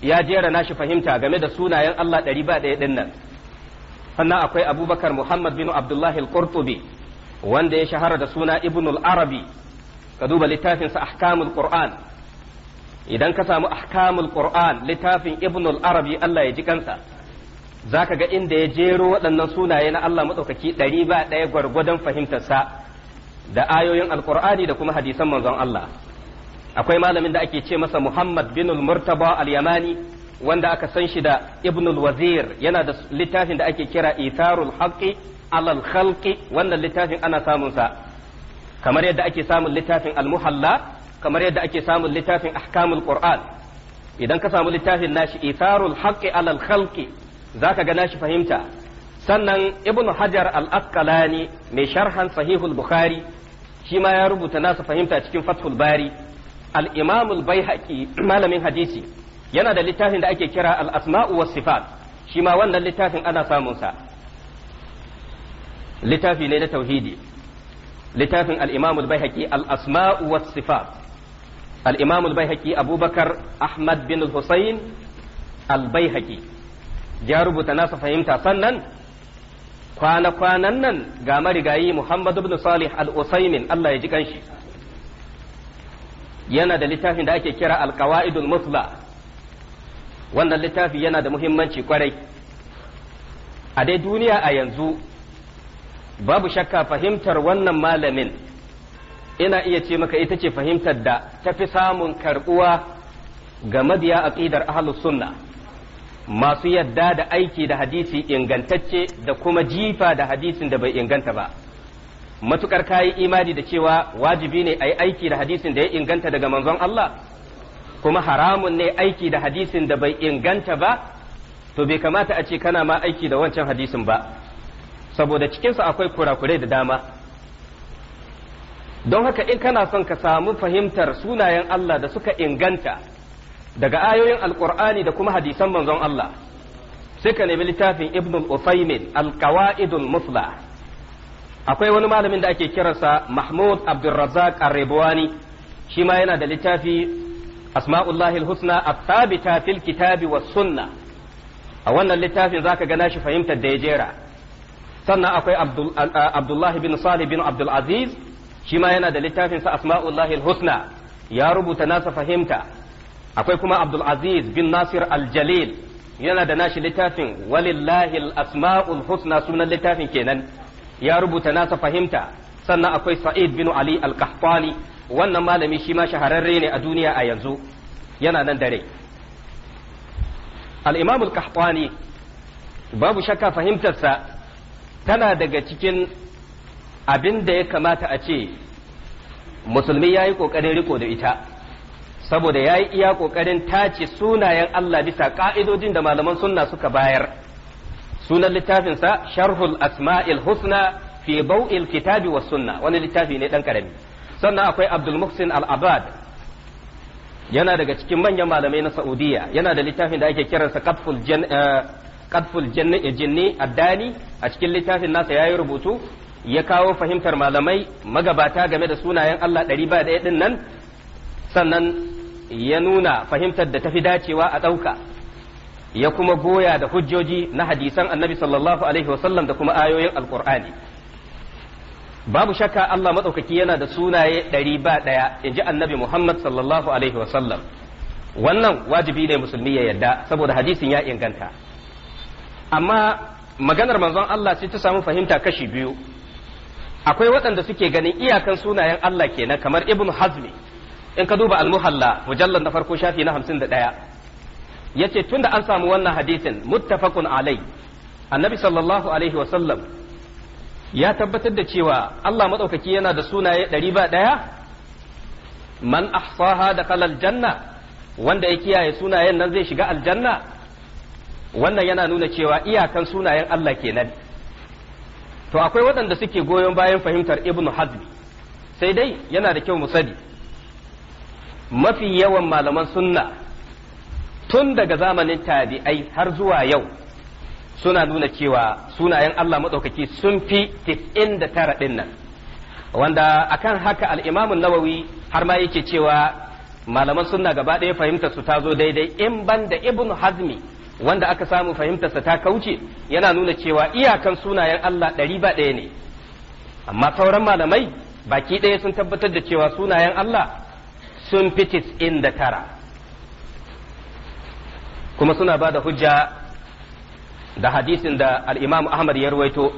ya jera nashi fahimta game da sunayen Allah ɗari ba ɗaya ɗin nan sannan akwai abubakar muhammad bin abdullahi al-qurtubi wanda ya shahara da suna ibnu al-arabi ka duba littafin sa ahkamul qur'an idan ka samu ahkamul qur'an littafin ibnu al-arabi Allah ya ji kansa za ka ga inda ya jero waɗannan sunaye na Allah maɗaukaki ɗari ba ɗaya gwargwadon fahimtarsa da ayoyin alƙur'ani da kuma hadisan manzon Allah akwai malamin da ake ce masa Muhammad bin Murtaba al-Yamani wanda aka san shi da Ibn al-Wazir yana da littafin da ake kira Itharul Haqqi alal Khalqi wannan littafin ana samun sa kamar yadda ake samun littafin al-Muhalla kamar yadda ake samun littafin Ahkamul Qur'an idan ka samu littafin nashi Itharul Haqqi alal Khalqi Za ka ga nashi fahimta sannan ibnu hajar al-asqalani mai sharhan sahihul bukhari shi ma ya rubuta nasa fahimta cikin fathul bari al-imam al-baihaqi malamin hadisi yana da littafin da ake kira al-asma'u was sifat shi ma wannan littafin ana samun sa littafi ne na tauhidi littafin al-imam al-baihaqi al-asma'u was sifat al-imam al-baihaqi abubakar ahmad bin al-husayn al-baihaqi ya rubuta nasa fahimta sannan kwana-kwanan nan ga marigayi Muhammadu ibn Salih al-Usaimin Allah ya ji kanshi yana da littafin da ake kira al-qawaidul musla wannan littafi yana da muhimmanci kwarai a dai duniya a yanzu babu shakka fahimtar wannan malamin ina iya ce maka ita ce fahimtar da ta fi samun karbuwa ga madiya aqidar ahlus sunna masu yadda da aiki da hadisi ingantacce da kuma jifa da hadisin da bai inganta ba matukar kayi imani da cewa wajibi ne a yi aiki da hadisin da ya inganta daga manzon Allah kuma haramun ne aiki da hadisin da bai inganta ba to bai kamata a ce kana ma aiki da wancan hadisin ba saboda cikinsu akwai kurakurai da dama don haka in kana son ka samu fahimtar sunayen Allah da suka inganta daga ayoyin alkur'ani da kuma hadisan manzon Allah sai ka nemi littafin ibn al-usaymin al-qawaidul musla akwai wani malamin da ake kiransa mahmud abdurrazzaq ar-ribwani shi ma yana da littafi asma'ullahi al-husna at-thabita fil kitabi was sunna a wannan littafin zaka ga nashi fahimtar da ya jera sannan akwai abdullahi bin salih bin abdul aziz shi ma yana da littafinsa asma'ullahi al-husna ya rubuta nasa fahimta akwai kuma Abdul Aziz bin Nasir Al-Jalil yana da nashi littafin walillahi al-asma'ul husna sunan littafin kenan ya rubuta nasa fahimta sannan akwai Sa'id bin Ali Al-Qahtani wannan malami shi ma shahararre ne a duniya a yanzu yana nan dare al-Imam Al-Qahtani babu shakka fahimtarsa tana daga cikin abin da ya kamata a ce musulmi ya yi ƙoƙarin riko da ita saboda ya yi iya ƙoƙarin tace sunayen Allah bisa ƙa'idojin da malaman sunna suka bayar sunan littafinsa sharhul asma'il husna fi bau'il kitabi wa sunna wani littafi ne ɗan ƙarami sannan akwai abdul muhsin al-abad yana daga cikin manyan malamai na saudiya yana da littafin da ake kiransa qatful eh, qatful jinni addani a cikin littafin nasa ya yi rubutu ya kawo fahimtar malamai magabata game da sunayen Allah ɗari ba ɗaya ɗin nan sannan ya nuna fahimtar da tafi dacewa a ɗauka ya kuma goya da hujjoji na hadisan annabi sallallahu alaihi wasallam da kuma ayoyin alkur'ani babu shakka Allah matsaukaki yana da sunaye ɗari ba ɗaya in ji annabi Muhammad sallallahu alaihi wasallam wannan wajibi ne musulmi ya yadda saboda hadisin ya inganta amma maganar manzon Allah sai ta samu fahimta kashi biyu akwai waɗanda suke ganin iyakan sunayen Allah kenan kamar ibnu hazmi in ka duba almuhalla mujallar na farko shafi na da Ya ce tun da an samu wannan hadisin muttafaqun alai annabi sallallahu alaihi wasallam ya tabbatar da cewa Allah madaukaki yana da sunaye ɗari ba ɗaya. man ahsaha da kalal janna wanda ya kiyaye sunayen nan zai shiga aljanna wannan yana nuna cewa iyakan sunayen Allah kenan to akwai waɗanda suke goyon bayan fahimtar ibnu hazmi sai dai yana da kyau mu sani mafi yawan malaman sunna tun daga zamanin tabi'ai har zuwa yau suna nuna cewa sunayen Allah maɗaukaki sun fi da tara nan wanda akan haka al'imamun nawawi har ma yake cewa malaman sunna gaba ɗaya fahimtar su ta zo daidai in ban da ibn hazmi wanda aka samu fahimtarsa ta kauce yana nuna cewa iyakan sunayen Allah ɗari ba ɗaya ne amma sauran malamai baki ɗaya sun tabbatar da cewa sunayen Allah sun fi tis'in da tara kuma suna ba da hujja da hadisin da al'imam ahmad ya ruwaito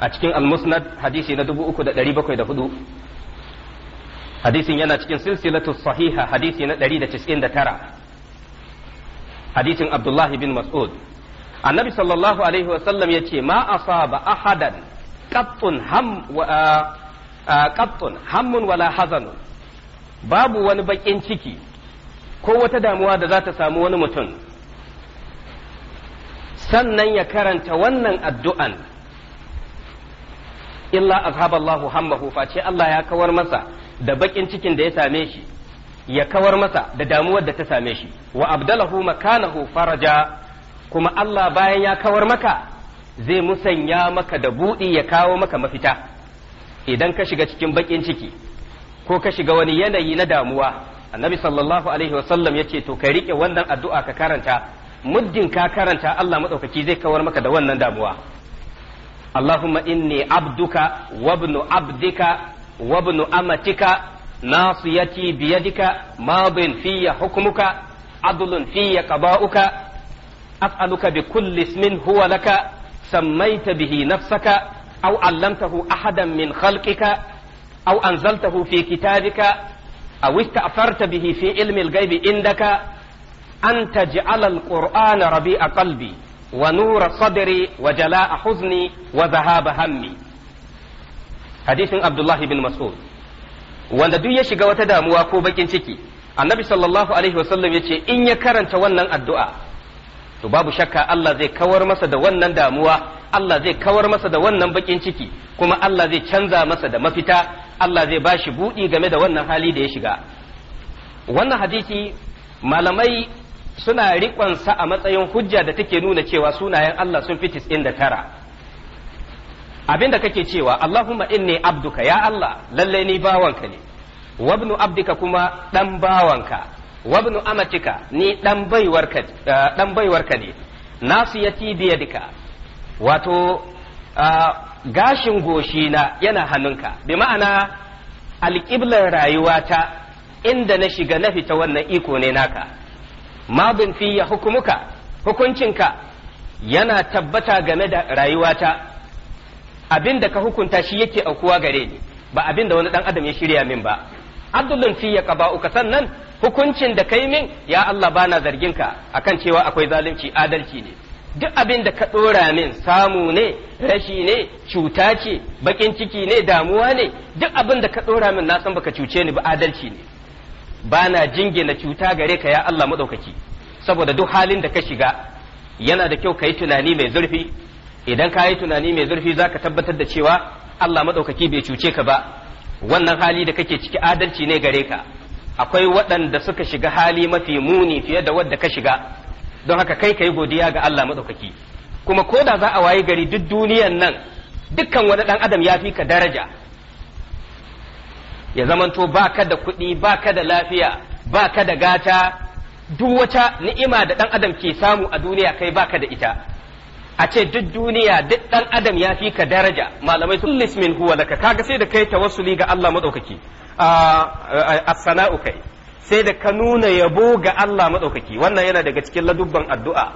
a cikin al-musnad hadisi na 3,704 hadisin yana cikin silsilatu sahiha hadisi na 199 hadisin abdullahi bin mas'ud annabi sallallahu alaihi wasallam ya ce ma asaba ahadan qattun ham wa qattun hammun wala hazanun babu wani baƙin ciki ko wata damuwa da za ta samu wani mutum sannan ya karanta wannan addu'an illa azhaballahu hammahu face Allah ya kawar masa da baƙin cikin da ya same shi ya kawar masa da damuwar da ta same shi wa abdalahu makanahu faraja kuma Allah bayan ya kawar maka zai musanya maka da buɗi ya kawo maka mafita idan ka shiga cikin baƙin ciki ko ka shiga wani yanayi na damuwa annabi sallallahu alaihi wasallam ya ce to ka riƙe wannan addu'a ka karanta muddin ka karanta Allah maɗaukaki zai kawar maka da wannan damuwa Allahumma inni abduka wabnu abdika wabnu amatika nasiyati biyadika madin fiyya hukmuka fiya في asaluka bi بكل اسم هو لك سميت به نفسك أو علمته ahadan min خلقك aw anzaltahu fi kitabika a ista'farta bihi fi ilmi al-ghaibi indaka an taj'ala al-qur'ana rabi'a qalbi wa nura sadri wa a huzni wa zahaba hammi hadisin abdullahi bin mas'ud wanda duk ya shiga wata damuwa ko bakin ciki annabi sallallahu alaihi wasallam ya ce in ya karanta wannan addu'a to babu shakka Allah zai kawar masa da wannan damuwa Allah zai kawar masa da wannan bakin ciki kuma Allah zai canza masa da mafita Allah zai ba shi buɗi game da wannan hali da ya shiga wannan hadisi malamai suna riƙonsa a matsayin hujja da take nuna cewa sunayen Allah sun in da tara abinda kake cewa Allahumma inni abduka ya Allah lallai ni bawanka ne wabnu abdika kuma dan bawanka wabnu amatika ni dan baiwarka dan baiwarka ne nasiyati biyadika wato ah, gashin goshi na yana hannunka bi ma'ana alƙiblar rayuwata inda na shiga na fita wannan iko ne naka mabin fiye hukumuka hukuncinka yana tabbata game da rayuwata abin da ka hukunta shi yake aukuwa gare ni ba abin da wani dan adam ya shirya min ba fiye ka qaba'uka sannan hukuncin da kai min ya Allah bana zarginka akan cewa akwai zalunci adalci ne duk abin da ka ɗora min samu ne rashi ne cuta ce bakin ciki ne damuwa ne duk abin da ka ɗora min na san baka cuce ni ba adalci ne ba na jingina cuta gare ka ya Allah maɗaukaki saboda duk halin da ka shiga yana da kyau ka yi tunani mai zurfi idan ka yi tunani mai zurfi za ka tabbatar da cewa Allah maɗaukaki bai cuce ka ba wannan hali da kake ciki adalci ne gare ka akwai waɗanda suka shiga hali mafi muni fiye da wadda ka shiga don haka kai ka yi godiya ga Allah maɗaukaki. kuma ko da za a waye gari duk duniyan nan dukkan wani dan adam ya fi ka daraja ya zamanto ka da kuɗi ba ka da lafiya ba ka da gata duk wata ni'ima da ɗan adam ke samu a duniya kai ba ka da ita a ce duk duniya duk dan adam ya fi ka daraja malamai sun lismin huwa ka kaga sai da kai tawassuli ga Allah maɗaukaki. a ah, ah, ah, sana'u kai sai da ka nuna yabo ga Allah maɗaukaki wannan yana daga cikin ladubban addu'a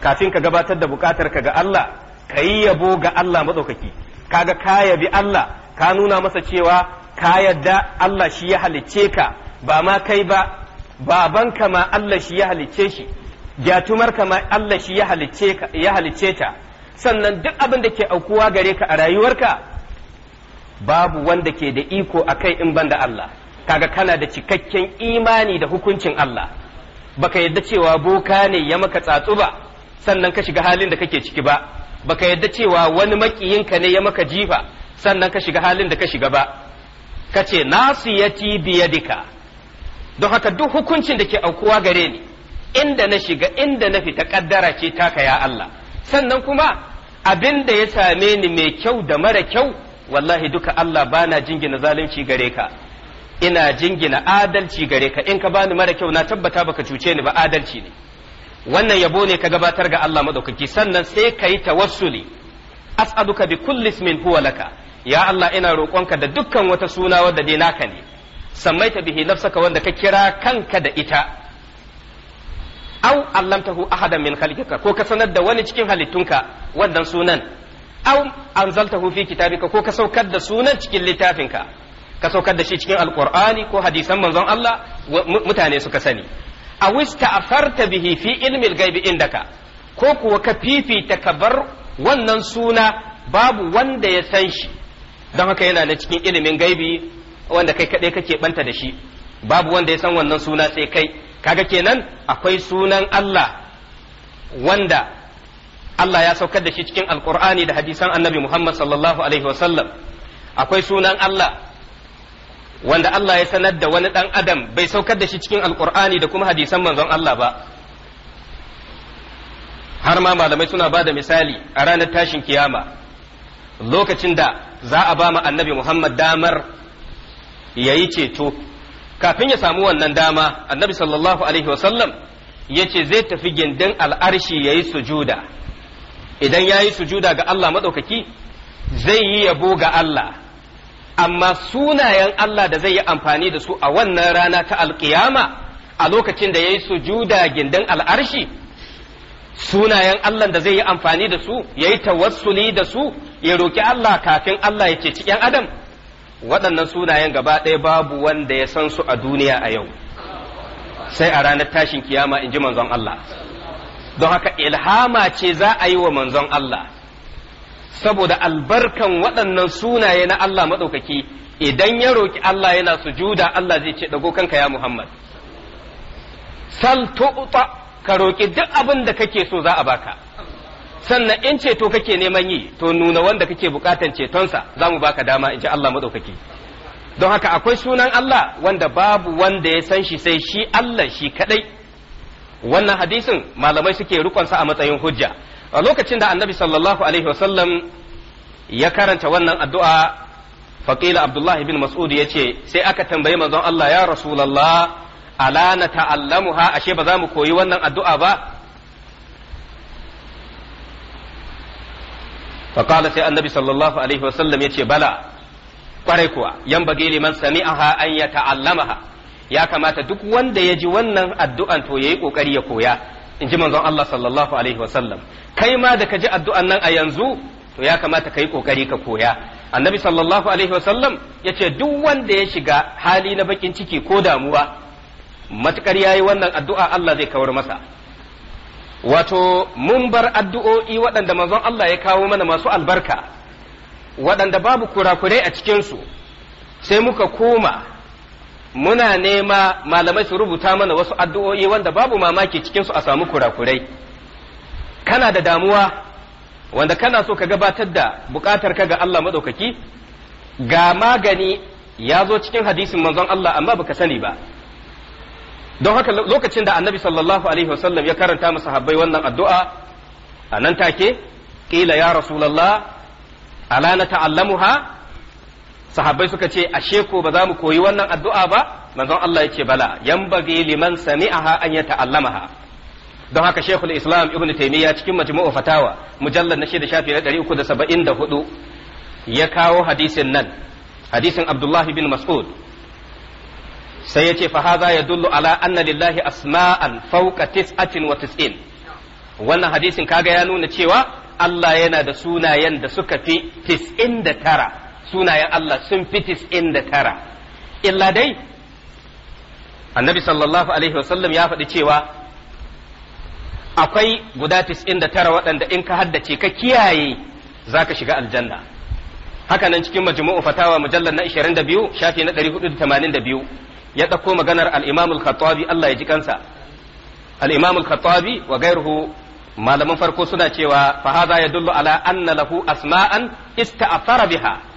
kafin ka gabatar da buƙatar ka ga Allah ka yi yabo ga Allah maɗaukaki kaga ka yabi Allah ka nuna masa cewa ka yadda Allah shi ya halicce ka ba ma kai ba babanka ma Allah shi ya halicce shi gyatumarka ma Allah shi ya halicce ta sannan duk abin da ke aukuwa gare ka a rayuwarka babu wanda ke da iko a kai in banda Allah kaga kana da cikakken imani da hukuncin Allah baka yadda cewa boka ne ya maka tsatsu ba sannan ka shiga halin da kake ciki ba baka yadda cewa wani makiyinka ne ya maka jifa sannan ka shiga halin da ka shiga ba ka ce nasiyati dika. don haka duk hukuncin da ke aukuwa gare ni inda na shiga inda na fita kaddara ce taka ya Allah sannan kuma abin da ya same ni mai kyau da mara kyau wallahi duka Allah bana jingina zalunci gare ka ina jingina adalci gare ka in ka bani mara kyau na tabbata baka cuce ni ba adalci ne wannan yabo ne ka gabatar ga Allah madaukaki sannan sai ka yi tawassuli as'aluka bi kulli ismin huwa laka ya Allah ina roƙonka da dukkan wata suna wanda dai naka ne sammaita bihi nafsaka wanda ka kira kanka da ita au allamtahu ahadan min khalqika ko ka sanar da wani cikin halittunka wannan sunan au anzaltahu fi kitabika ko ka saukar da sunan cikin littafinka ka saukar da shi cikin alqur'ani ko hadisan manzon Allah mutane suka sani a wista afarta bihi fi ilmil gaibi indaka ko kuwa ka fifita ka bar wannan suna babu wanda ya san shi don haka yana na cikin ilimin gaibi wanda kai kaɗai kake banta da shi babu wanda ya san wannan suna sai kai kaga kenan akwai sunan Allah wanda Allah ya saukar da shi cikin alkur'ani da hadisan annabi Muhammad sallallahu alaihi wasallam akwai sunan Allah wanda Allah ya sanar da wani ɗan adam bai saukar da shi cikin Alƙur'ani da kuma hadisan manzon Allah ba har ma malamai suna ba da misali a ranar tashin kiyama lokacin da za a ba ma annabi Muhammad damar ya yi ceto kafin ya samu wannan dama annabi sallallahu alaihi wasallam ya ce zai tafi gindin al'arshi ya yi sujuda idan ya yi sujuda ga Allah maɗaukaki zai yi yabo ga Allah amma sunayen Allah da zai yi amfani da su a wannan rana ta alkiyama a lokacin da ya yi sujuda gindin al'arshi sunayen Allah da zai yi amfani da su ya yi tawassuli da su ya roƙi Allah kafin Allah ya ce cikin adam waɗannan sunayen gaba ɗaya babu wanda ya san su a duniya a yau sai a ranar tashin kiyama in ji manzon Allah don haka ilhama ce za a yi wa manzon Allah saboda albarkan waɗannan sunaye na Allah maɗaukaki idan ya roki Allah yana sujuda Allah zai ce ɗago kanka ya Muhammad sal tu'ta ka roki duk abin da kake so za a baka sannan in ceto kake neman yi to nuna wanda kake buƙatan cetonsa za mu baka dama in ji Allah maɗaukaki don haka akwai sunan Allah wanda babu wanda ya san shi sai shi Allah shi kaɗai. wannan hadisin malamai suke rukonsa a matsayin hujja a lokacin da annabi sallallahu alaihi wasallam ya karanta wannan addu'a faƙila abdullahi bin mas'ud ya ce sai aka tambayi manzon Allah ya rasulallah ala na ha ashe ba za mu koyi wannan addu'a ba faƙala sai annabi sallallahu alaihi wasallam ya ce bala ƙwarai kuwa yan bage liman sami'aha an ya ta'allamaha ya kamata duk wanda ya ji wannan addu'an to ya yi ƙoƙari ya koya in ji manzon Allah sallallahu alaihi wasallam kai ma da ka ji addu'an nan a yanzu to ya kamata ka yi kokari ka koya annabi sallallahu alaihi wasallam ya ce duk wanda ya shiga hali na bakin ciki ko damuwa matukar yayi wannan addu'a Allah zai kawar masa wato mun bar addu'o'i waɗanda manzon Allah ya kawo mana masu albarka waɗanda babu kurakurai a cikinsu sai muka koma muna nema malamai su rubuta mana wasu addu'o'i wanda babu mamaki cikinsu a samu kurakurai kana da damuwa wanda kana so ka gabatar da bukatar ka ga Allah maɗaukaki. ga magani ya zo cikin hadisin manzon Allah amma baka sani ba don haka lokacin da annabi sallallahu alaihi wasallam ya karanta masahabbai wannan addu'a a nan take ƙila ya rasulallah ala na ta'allamuha sahabbai suka ce ashe ko ba za mu koyi wannan addu'a ba manzon Allah ya ce bala yambage liman sami'aha an ya ta'allamaha don haka shekul islam ibn taimiyya cikin majmu'u fatawa mujallar na shida shafi na ɗari uku da saba'in da hudu ya kawo hadisin nan hadisin abdullahi bin mas'ud sai ya ce fa haza ya dullu ala anna lillahi asma'an fawqa tis'atin wa tis'in wannan hadisin kaga ya nuna cewa Allah yana da sunayen da suka fi tis'in da tara sunayen Allah sun fi tis'in da tara illa dai annabi sallallahu alaihi wasallam ya faɗi cewa akwai guda tis'in da tara waɗanda in ka haddace ka kiyaye za ka shiga aljanna hakanan cikin majmu'u fatawa mujallar na 22 shafi na 482 ya ɗauko maganar al khattabi Allah ya ji kansa Al'imamul khattabi wa gairuhu malaman farko suna cewa fa ya dullu ala anna lahu asma'an ista'thara biha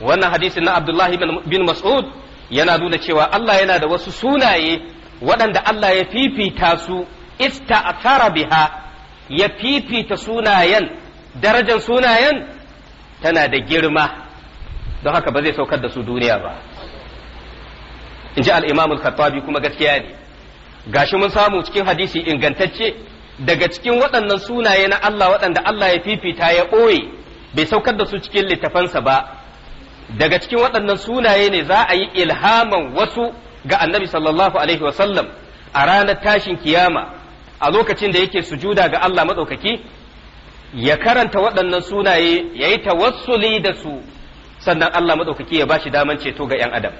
wannan hadisin na abdullahi bin mas'ud yana nuna cewa Allah yana da wasu sunaye waɗanda Allah ya fifita su ista'thara biha ya fifita sunayen darajar sunayen tana da girma don haka ba zai saukar da su duniya ba in ji al-imam al-khattabi kuma gaskiya ne gashi mun samu cikin hadisi ingantacce daga cikin waɗannan sunaye na Allah waɗanda Allah ya fifita ya ɓoye bai saukar da su cikin littafansa ba daga cikin waɗannan sunaye ne za a yi ilhaman wasu ga annabi sallallahu alaihi wasallam a ranar tashin kiyama a lokacin da yake sujuda ga Allah maɗaukaki ya karanta waɗannan sunaye ya yi tawassuli da su sannan Allah maɗaukaki ya ba shi daman ceto ga ‘yan adam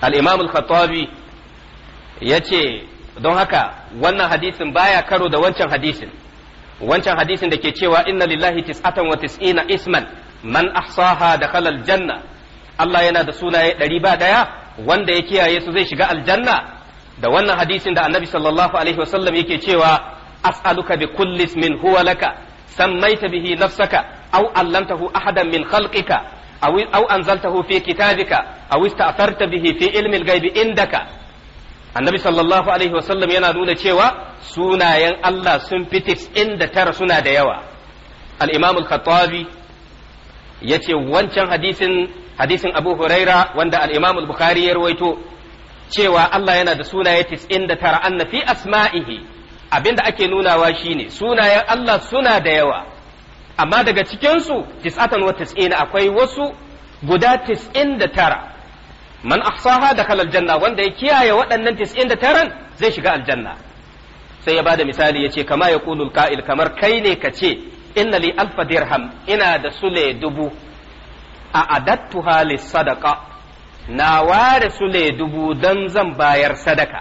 al'imam al-khattabi ya ce don haka wannan hadisin baya karo da wancan hadisin wancan hadisin da ke cewa inna lillahi tis'atan wa tis'ina isman man ahsaha dakhala aljanna Allah yana da sunaye ɗari ba ɗaya wanda ya kiyaye su zai shiga aljanna da wannan hadisin da annabi sallallahu alaihi wasallam yake cewa as'aluka bi kulli ismin huwa laka sammaita bihi nafsaka aw allamtahu ahadan min khalqika aw aw anzaltahu fi kitabika aw ista'tharta bihi fi ilmi al-ghaibi indaka annabi sallallahu alaihi wasallam yana nuna cewa sunayen Allah sun fi tara suna da yawa al-imam al-khattabi yace wancan hadisin hadisin Abu Huraira wanda al-Imam al-Bukhari ya rawaito cewa Allah yana da sunaye 99 anna fi asma'ihi abinda ake nunawa shine sunayen Allah suna da yawa amma daga cikin su 99 akwai wasu guda 99 man ahsaha dakhala janna wanda ya kiyaye waɗannan 99 zai shiga aljanna sai ya bada misali yace kama yaqulul qa'il kamar kai ne kace inna li alfa dirham ina da sule dubu a adattuha lis sadaqa na ware sule dubu don zan bayar sadaka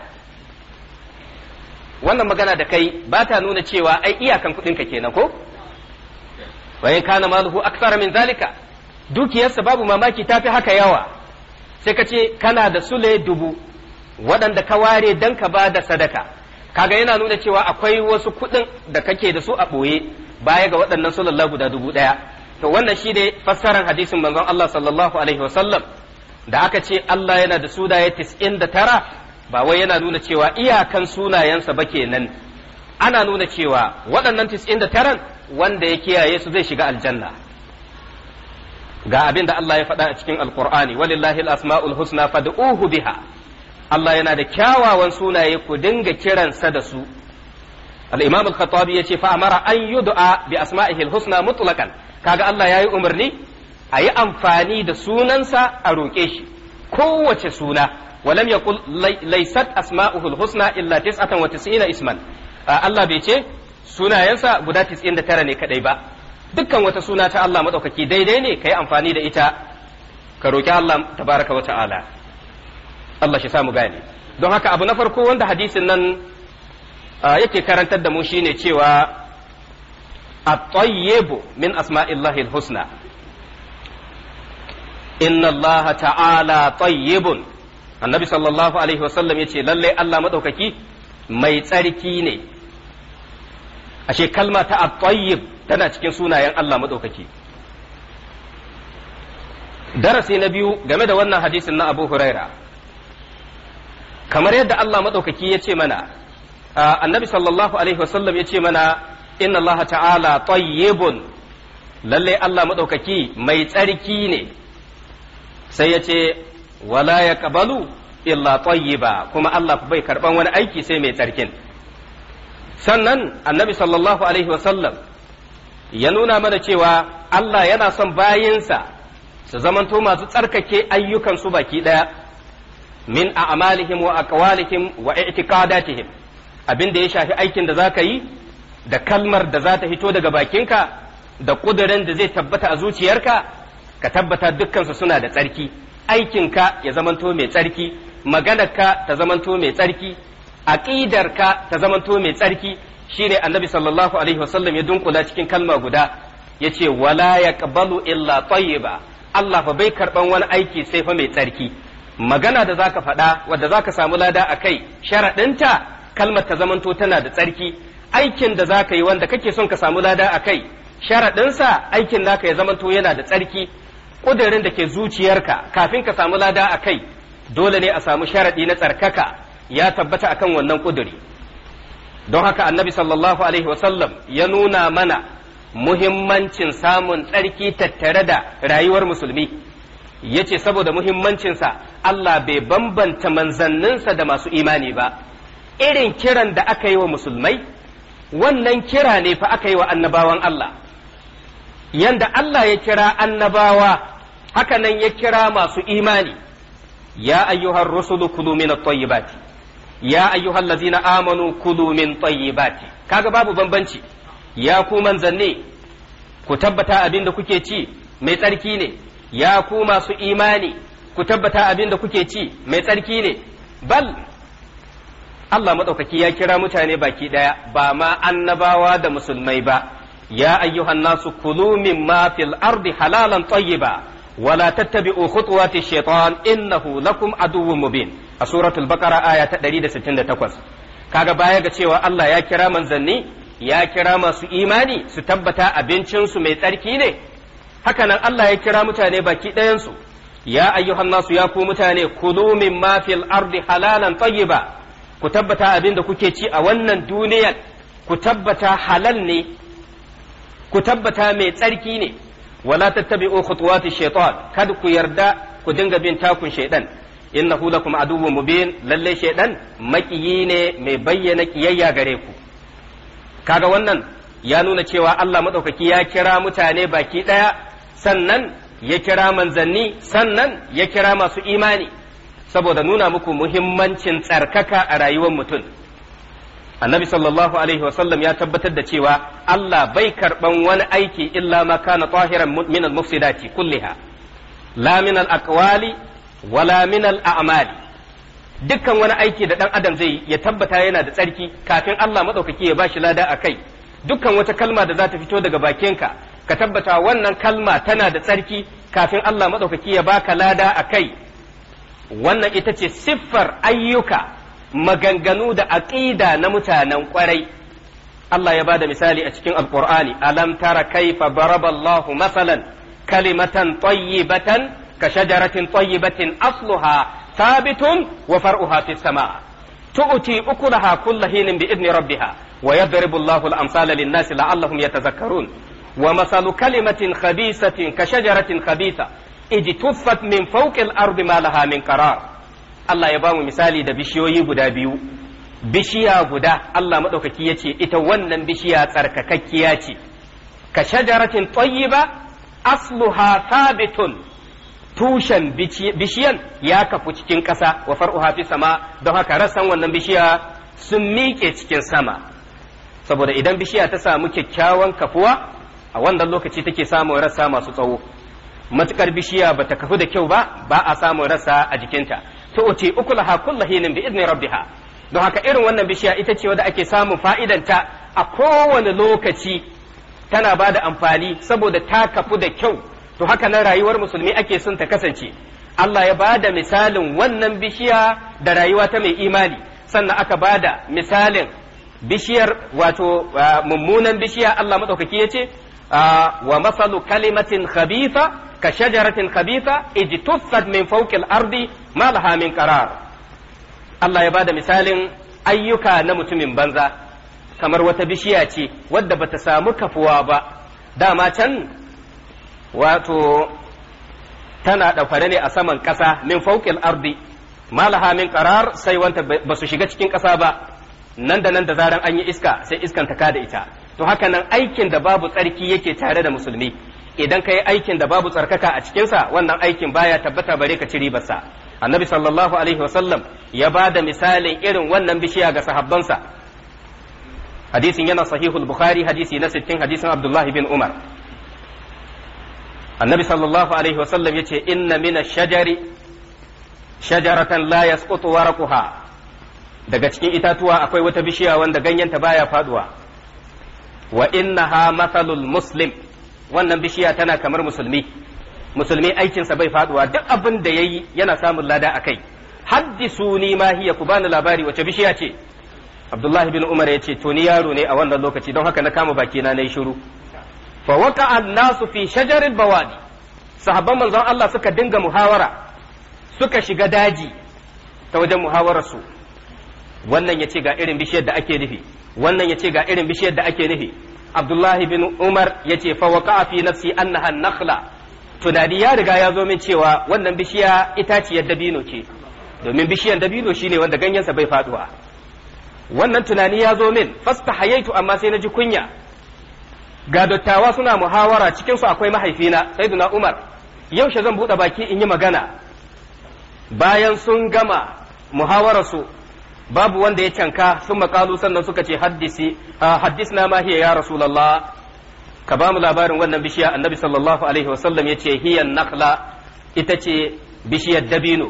wannan magana da kai ba ta nuna cewa ai iyakan kuɗinka kenan ko bayan kana maluhu akthara min zalika dukiyarsa babu mamaki ta fi haka yawa sai ka ce kana da sule dubu waɗanda ka ware don ka ba da sadaka kaga yana nuna cewa akwai wasu kuɗin da kake da su a ɓoye baya ga waɗannan sallallahu guda dubu ɗaya to wannan shi ne fassarar hadisin manzon Allah sallallahu alaihi wasallam da aka ce Allah yana da sunaye tis'in da tara ba wai yana nuna cewa iyakan sunayensa ba kenan ana nuna cewa waɗannan tis'in da taran wanda ya kiyaye su zai shiga aljanna ga abin da Allah ya faɗa a cikin alqur'ani walillahi al-asma'ul husna fad'uhu biha Allah yana da kyawawan sunaye ku dinga kiransa da su al-imam al-khattabi yace fa amara an yud'a bi asma'ihi al-husna mutlaqan kaga Allah yi umarni a yi amfani da sunansa a roƙe shi kowace suna walam yaqul laysat asma'uhul husna illa 99 isman Allah bai ce sunayensa guda tara ne kadai ba dukkan wata suna ta Allah madaukaki daidai ne ka yi amfani da ita ka roki Allah tabaraka wa ta'ala Allah shi samu gane don haka abu na farko wanda hadisin nan yake karantar da mu shine cewa at-tayyibu min asma'illahi al-husna inna allaha ta'ala tayyibun annabi sallallahu alaihi wasallam yace lalle Allah madaukaki mai tsarki ne ashe kalma ta at-tayyib tana cikin sunayen Allah madaukaki darasi na biyu game da wannan hadisin na Abu Huraira kamar yadda Allah madaukaki yace mana Ah, annabi sallallahu alaihi wasallam ya ce mana inna allaha ta'ala tayyibun lalle Allah maɗaukaki mai tsarki ne sai ya ce wala yaqbalu illa tayyiba kuma Allah bai karban wani aiki sai mai tsarkin sannan annabi sallallahu alaihi wasallam ya nuna mana cewa Allah yana son bayinsa su zamanto masu tsarkake ayyukansu baki ɗaya min a'malihim wa aqwalihim wa i'tiqadatihim abin da ya shafi aikin da za ka yi da kalmar da za ta hito daga bakinka da ƙudurin da zai tabbata a zuciyarka ka tabbata dukkansu suna da tsarki aikinka ya zamanto mai tsarki maganarka ta zamanto mai tsarki aqidarka ta zamanto mai tsarki shine annabi sallallahu alaihi wasallam ya dunkula cikin kalma guda Ya ce, wala yaqbalu illa tayyiba Allah fa bai karban wani aiki sai fa mai tsarki magana da zaka faɗa wadda ka samu lada a kai, sharaɗinta kalmar ta zamanto tana da tsarki aikin da za ka yi wanda kake son ka samu lada a kai sharaɗinsa aikin ka ya zamanto yana da tsarki ƙudurin da ke zuciyarka kafin ka samu lada a kai dole ne a samu sharaɗi na tsarkaka ya tabbata akan wannan ƙuduri don haka annabi sallallahu alaihi wasallam ya nuna mana muhimmancin samun tsarki tattare da rayuwar musulmi ya ce saboda muhimmancinsa Allah bai bambanta manzanninsa da masu imani ba irin kiran da aka yi wa musulmai wannan kira ne fa aka yi wa annabawan Allah yanda Allah ya kira annabawa haka nan ya kira masu imani ya ayyuhar rusulu kulu min at-tayyibati ya ayyuhal ladina amanu kulu min tayyibati kaga babu bambanci ya ku manzanne ku tabbata abin da kuke ci mai tsarki ne ya ku masu imani ku tabbata abin da kuke ci mai tsarki ne bal Allah maɗaukaki ya kira mutane baki ɗaya ba ma annabawa da musulmai ba ya ayyuhan nasu kulu ma fil ardi halalan ba wala tattabi'u khutuwati shaytan innahu lakum aduwwun mubin a suratul bakara aya ta 168 kaga baya ga cewa Allah ya kira manzanni ya kira masu imani su tabbata abincinsu mai tsarki ne hakanan Allah ya kira mutane baki ɗayansu ya ayyuhan nasu ya ku mutane kulu ma fil ardi halalan tayyiba ku tabbata abin da kuke ci a wannan duniyar ku tabbata halal ne ku tabbata mai tsarki ne wala tattabi'u khutuwati shaytan kada ku yarda ku dinga bin takun shaytan innahu lakum aduwwun mubin lalle shaytan makiyi ne mai bayyana kiyayya gare ku kaga wannan ya nuna cewa Allah madaukaki ya kira mutane baki daya sannan ya kira manzanni sannan ya kira masu imani saboda nuna muku muhimmancin tsarkaka a rayuwar mutum annabi sallallahu alaihi wasallam ya tabbatar da cewa Allah bai karban wani aiki illa ma kana tahiran min al-mufsidati kulliha la min al-aqwali wala min al amal dukkan wani aiki da dan adam zai ya tabbata yana da tsarki kafin Allah madaukaki ya bashi lada a kai dukkan wata kalma da za ta fito daga bakinka ka tabbata wannan kalma tana da tsarki kafin Allah madaukaki ya baka lada a kai wannan ita ce siffar ayyuka maganganu da aƙida na mutanen ƙwarai Allah ya bada misali a cikin alƙur'ani alam tara kaifa baraballahu masalan kalimatan tayyibatan ka shajaratin tayyibatin asluha thabitun wa far'uha fis samaa tu'ti ukulaha kullu hinin bi idni rabbiha wa yadribu Allahu al-amsala lin-nasi la'allahum yatazakkarun wa masalu kalimatin khabisatin ka shajaratin khabisa ijtuffat min fawqil ardi ma laha min qarar Allah ya bamu misali da bishiyoyi guda biyu bishiya guda Allah madaukaki yace ita wannan bishiya tsarkakakkiya ce ka shajaratin tayyiba asluha thabitun tushen bishiyan ya kafu cikin ƙasa wa far'uha fi sama don haka rassan wannan bishiya sun miƙe cikin sama saboda idan bishiya ta samu kyakkyawan kafuwa a wannan lokaci take samun rassa masu tsawo matukar bishiya ba ta kafu da kyau ba ba a samun rasa a jikinta to uti ukulaha kullu hinin bi idni rabbiha don haka irin wannan bishiya ita ce wadda ake samun fa'idanta a kowane lokaci tana ba da amfani saboda ta kafu da kyau to haka nan rayuwar musulmi ake son ta kasance Allah ya ba da misalin wannan bishiya da rayuwa ta mai imani sannan aka ba da misalin bishiyar wato mummunan bishiya Allah maɗaukaki ya ce wa masalu kalimatin khabitha ka shajaratin khabitha ijtuffat min faukil ardi ma laha min qarar Allah ya ba da misalin ayyuka na mutumin banza kamar wata bishiya ce wadda bata samu kafuwa ba dama can wato tana ɗaukare ne a saman ƙasa min faukil ardi ma laha min qarar sai wanta basu shiga cikin ƙasa ba nan da nan da zaren an yi iska sai iskan ta kada ita to haka nan aikin da babu tsarki yake tare da musulmi idan ka yi aikin da babu tsarkaka a cikinsa wannan aikin baya tabbata bare ka ciri basa annabi sallallahu alaihi wasallam ya ba da misalin irin wannan bishiya ga sahabbansa hadisin yana sahihul bukhari hadisi na 60 hadisin abdullahi bin umar annabi sallallahu alaihi wasallam yace inna mina shajari shajaratan la yasqutu warquha daga cikin itatuwa akwai wata bishiya wanda ganyenta baya faduwa wa innaha mathalul muslim wannan bishiya tana kamar musulmi musulmi aikinsa bai faduwa duk abin da yayi yana samun lada akai haddisu ni ma hiya ku bani labari wace bishiya ce Abdullahi bin Umar ya ce to ni yaro ne a wannan lokaci don haka na kama baki na nayi shiru fa waqa'a an-nasu fi shajaril bawadi sahabban manzon Allah suka dinga muhawara suka shiga daji ta wajen muhawararsu wannan ya ce ga irin bishiyar da ake nufi wannan yace ga irin bishiyar da ake nufi Abdullahi bin Umar yace fa waqa fi nafsi annaha nakhla tunani ya riga ya zo min cewa wannan bishiya itaciyar dabino ce domin bishiyar dabino shine wanda ganyensa bai faduwa wannan tunani ya zo min fasta hayaitu amma sai na ji kunya ga dattawa suna muhawara cikin su akwai mahaifina sayyiduna Umar yaushe zan bude baki in yi magana bayan sun gama muhawararsu babu wanda ya canka sun makalu sannan suka ce haddisi na ma hiya ya rasulullah ka ba mu labarin wannan bishiya annabi sallallahu alaihi wasallam ya ce hiya nakhla ita ce bishiyar dabino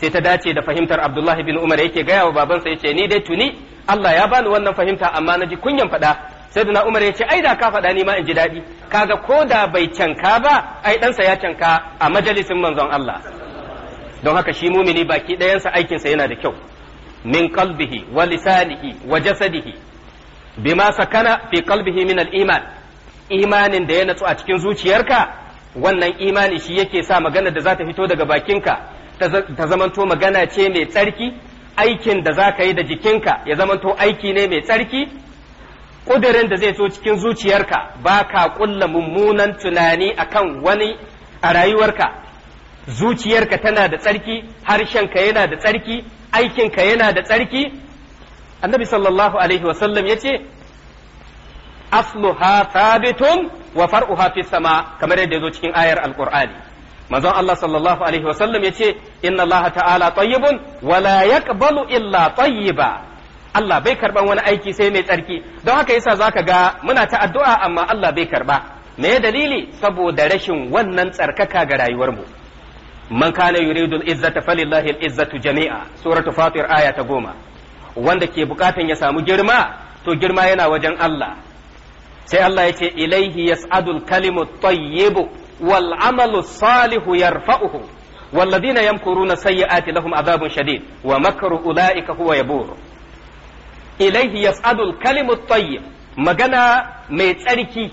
sai ta dace da fahimtar abdullahi bin umar yake gaya wa babansa ya ce ni dai tuni allah ya bani wannan fahimta amma na ji kunyan faɗa sai na Umar ya ce ai da ka faɗa ni ma in ji daɗi kaga ko da bai canka ba ai ɗansa ya canka a majalisin manzon Allah don haka shi mumini baki ɗayansa aikinsa yana da kyau min قلبه wa وجسده wa سكن في sakana fi kalbihi min al-iman imanin da ya natsu a cikin zuciyarka wannan imani shi yake sa magana da za ta fito daga bakinka ta zamanto magana ce mai tsarki aikin da za ka yi da jikinka ya zamanto aiki ne mai tsarki ƙudurin da zai zo cikin zuciyarka ba ka ƙulla mummunan tunani akan wani a rayuwarka zuciyarka tana da tsarki harshenka yana da tsarki aikinka yana da tsarki annabi sallallahu alaihi wasallam ya ce asluha thabitun wa far'uha fi sama kamar yadda zo cikin ayar alqur'ani manzon Allah sallallahu alaihi wasallam yace inna Allah ta'ala tayyibun wa la yaqbalu illa tayyiba Allah bai karban wani aiki sai mai tsarki don haka yasa zaka ga muna ta addu'a amma Allah bai karba me dalili saboda rashin wannan tsarkaka ga rayuwar mu Manka kana yuridu al-izzata falillahi al-izzatu jami'a suratu fatir aya ta goma wanda ke bukatan ya samu girma to girma yana wajen Allah sai Allah ya ce ilaihi yas'adul kalimu tayyibu wal amalu salihu والذين يمكرون السيئات لهم عذاب شديد ومكر أولئك هو يبور إليه يصعد الكلم الطيب مجانا ميتسألكي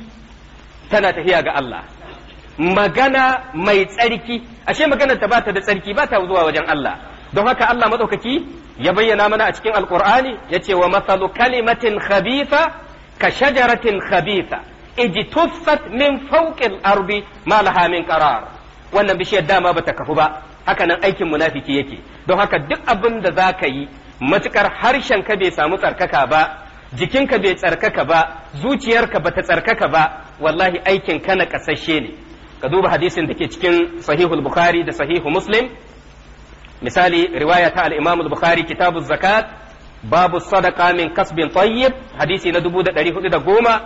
تنا تهيا الله magana mai tsarki ashe maganar ta bata da tsarki bata zuwa wajen Allah don haka Allah madaukaki ya bayyana mana a cikin alqur'ani yace wa masalu kalimatin khabitha ka shajaratin khabitha ijtuffat min fawqi arbi ardi ma laha min qarar wannan bishiyar dama bata kafu ba haka nan aikin munafiki yake don haka duk abin da zaka yi matukar harshen ka bai samu tsarkaka ba jikinka bai tsarkaka ba zuciyarka bata tsarkaka ba wallahi aikin kana kasashe ne ka duba hadisin da ke cikin sahihul bukhari da sahihu muslim misali riwaya ta al-imam al-bukhari zakat babu sadaqa min kasbin tayyib hadisi na 1410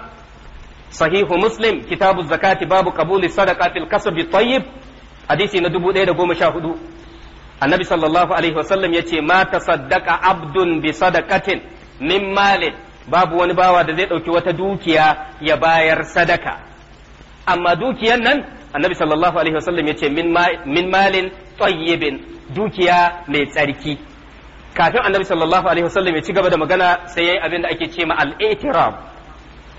sahihu muslim kitabu zakati babu qabuli sadaqa fil kasbi tayyib hadisi na 1114 annabi sallallahu alaihi wasallam yace ma tasaddaqa abdun bi sadaqatin min malin babu wani bawa da zai dauki wata dukiya ya bayar sadaka amma dukiyan nan annabi sallallahu alaihi wasallam ya ce min malin tayyibin dukiya mai tsarki kafin annabi sallallahu alaihi wasallam ya ci gaba da magana sai yayi abin da ake ce ma al-i'tirab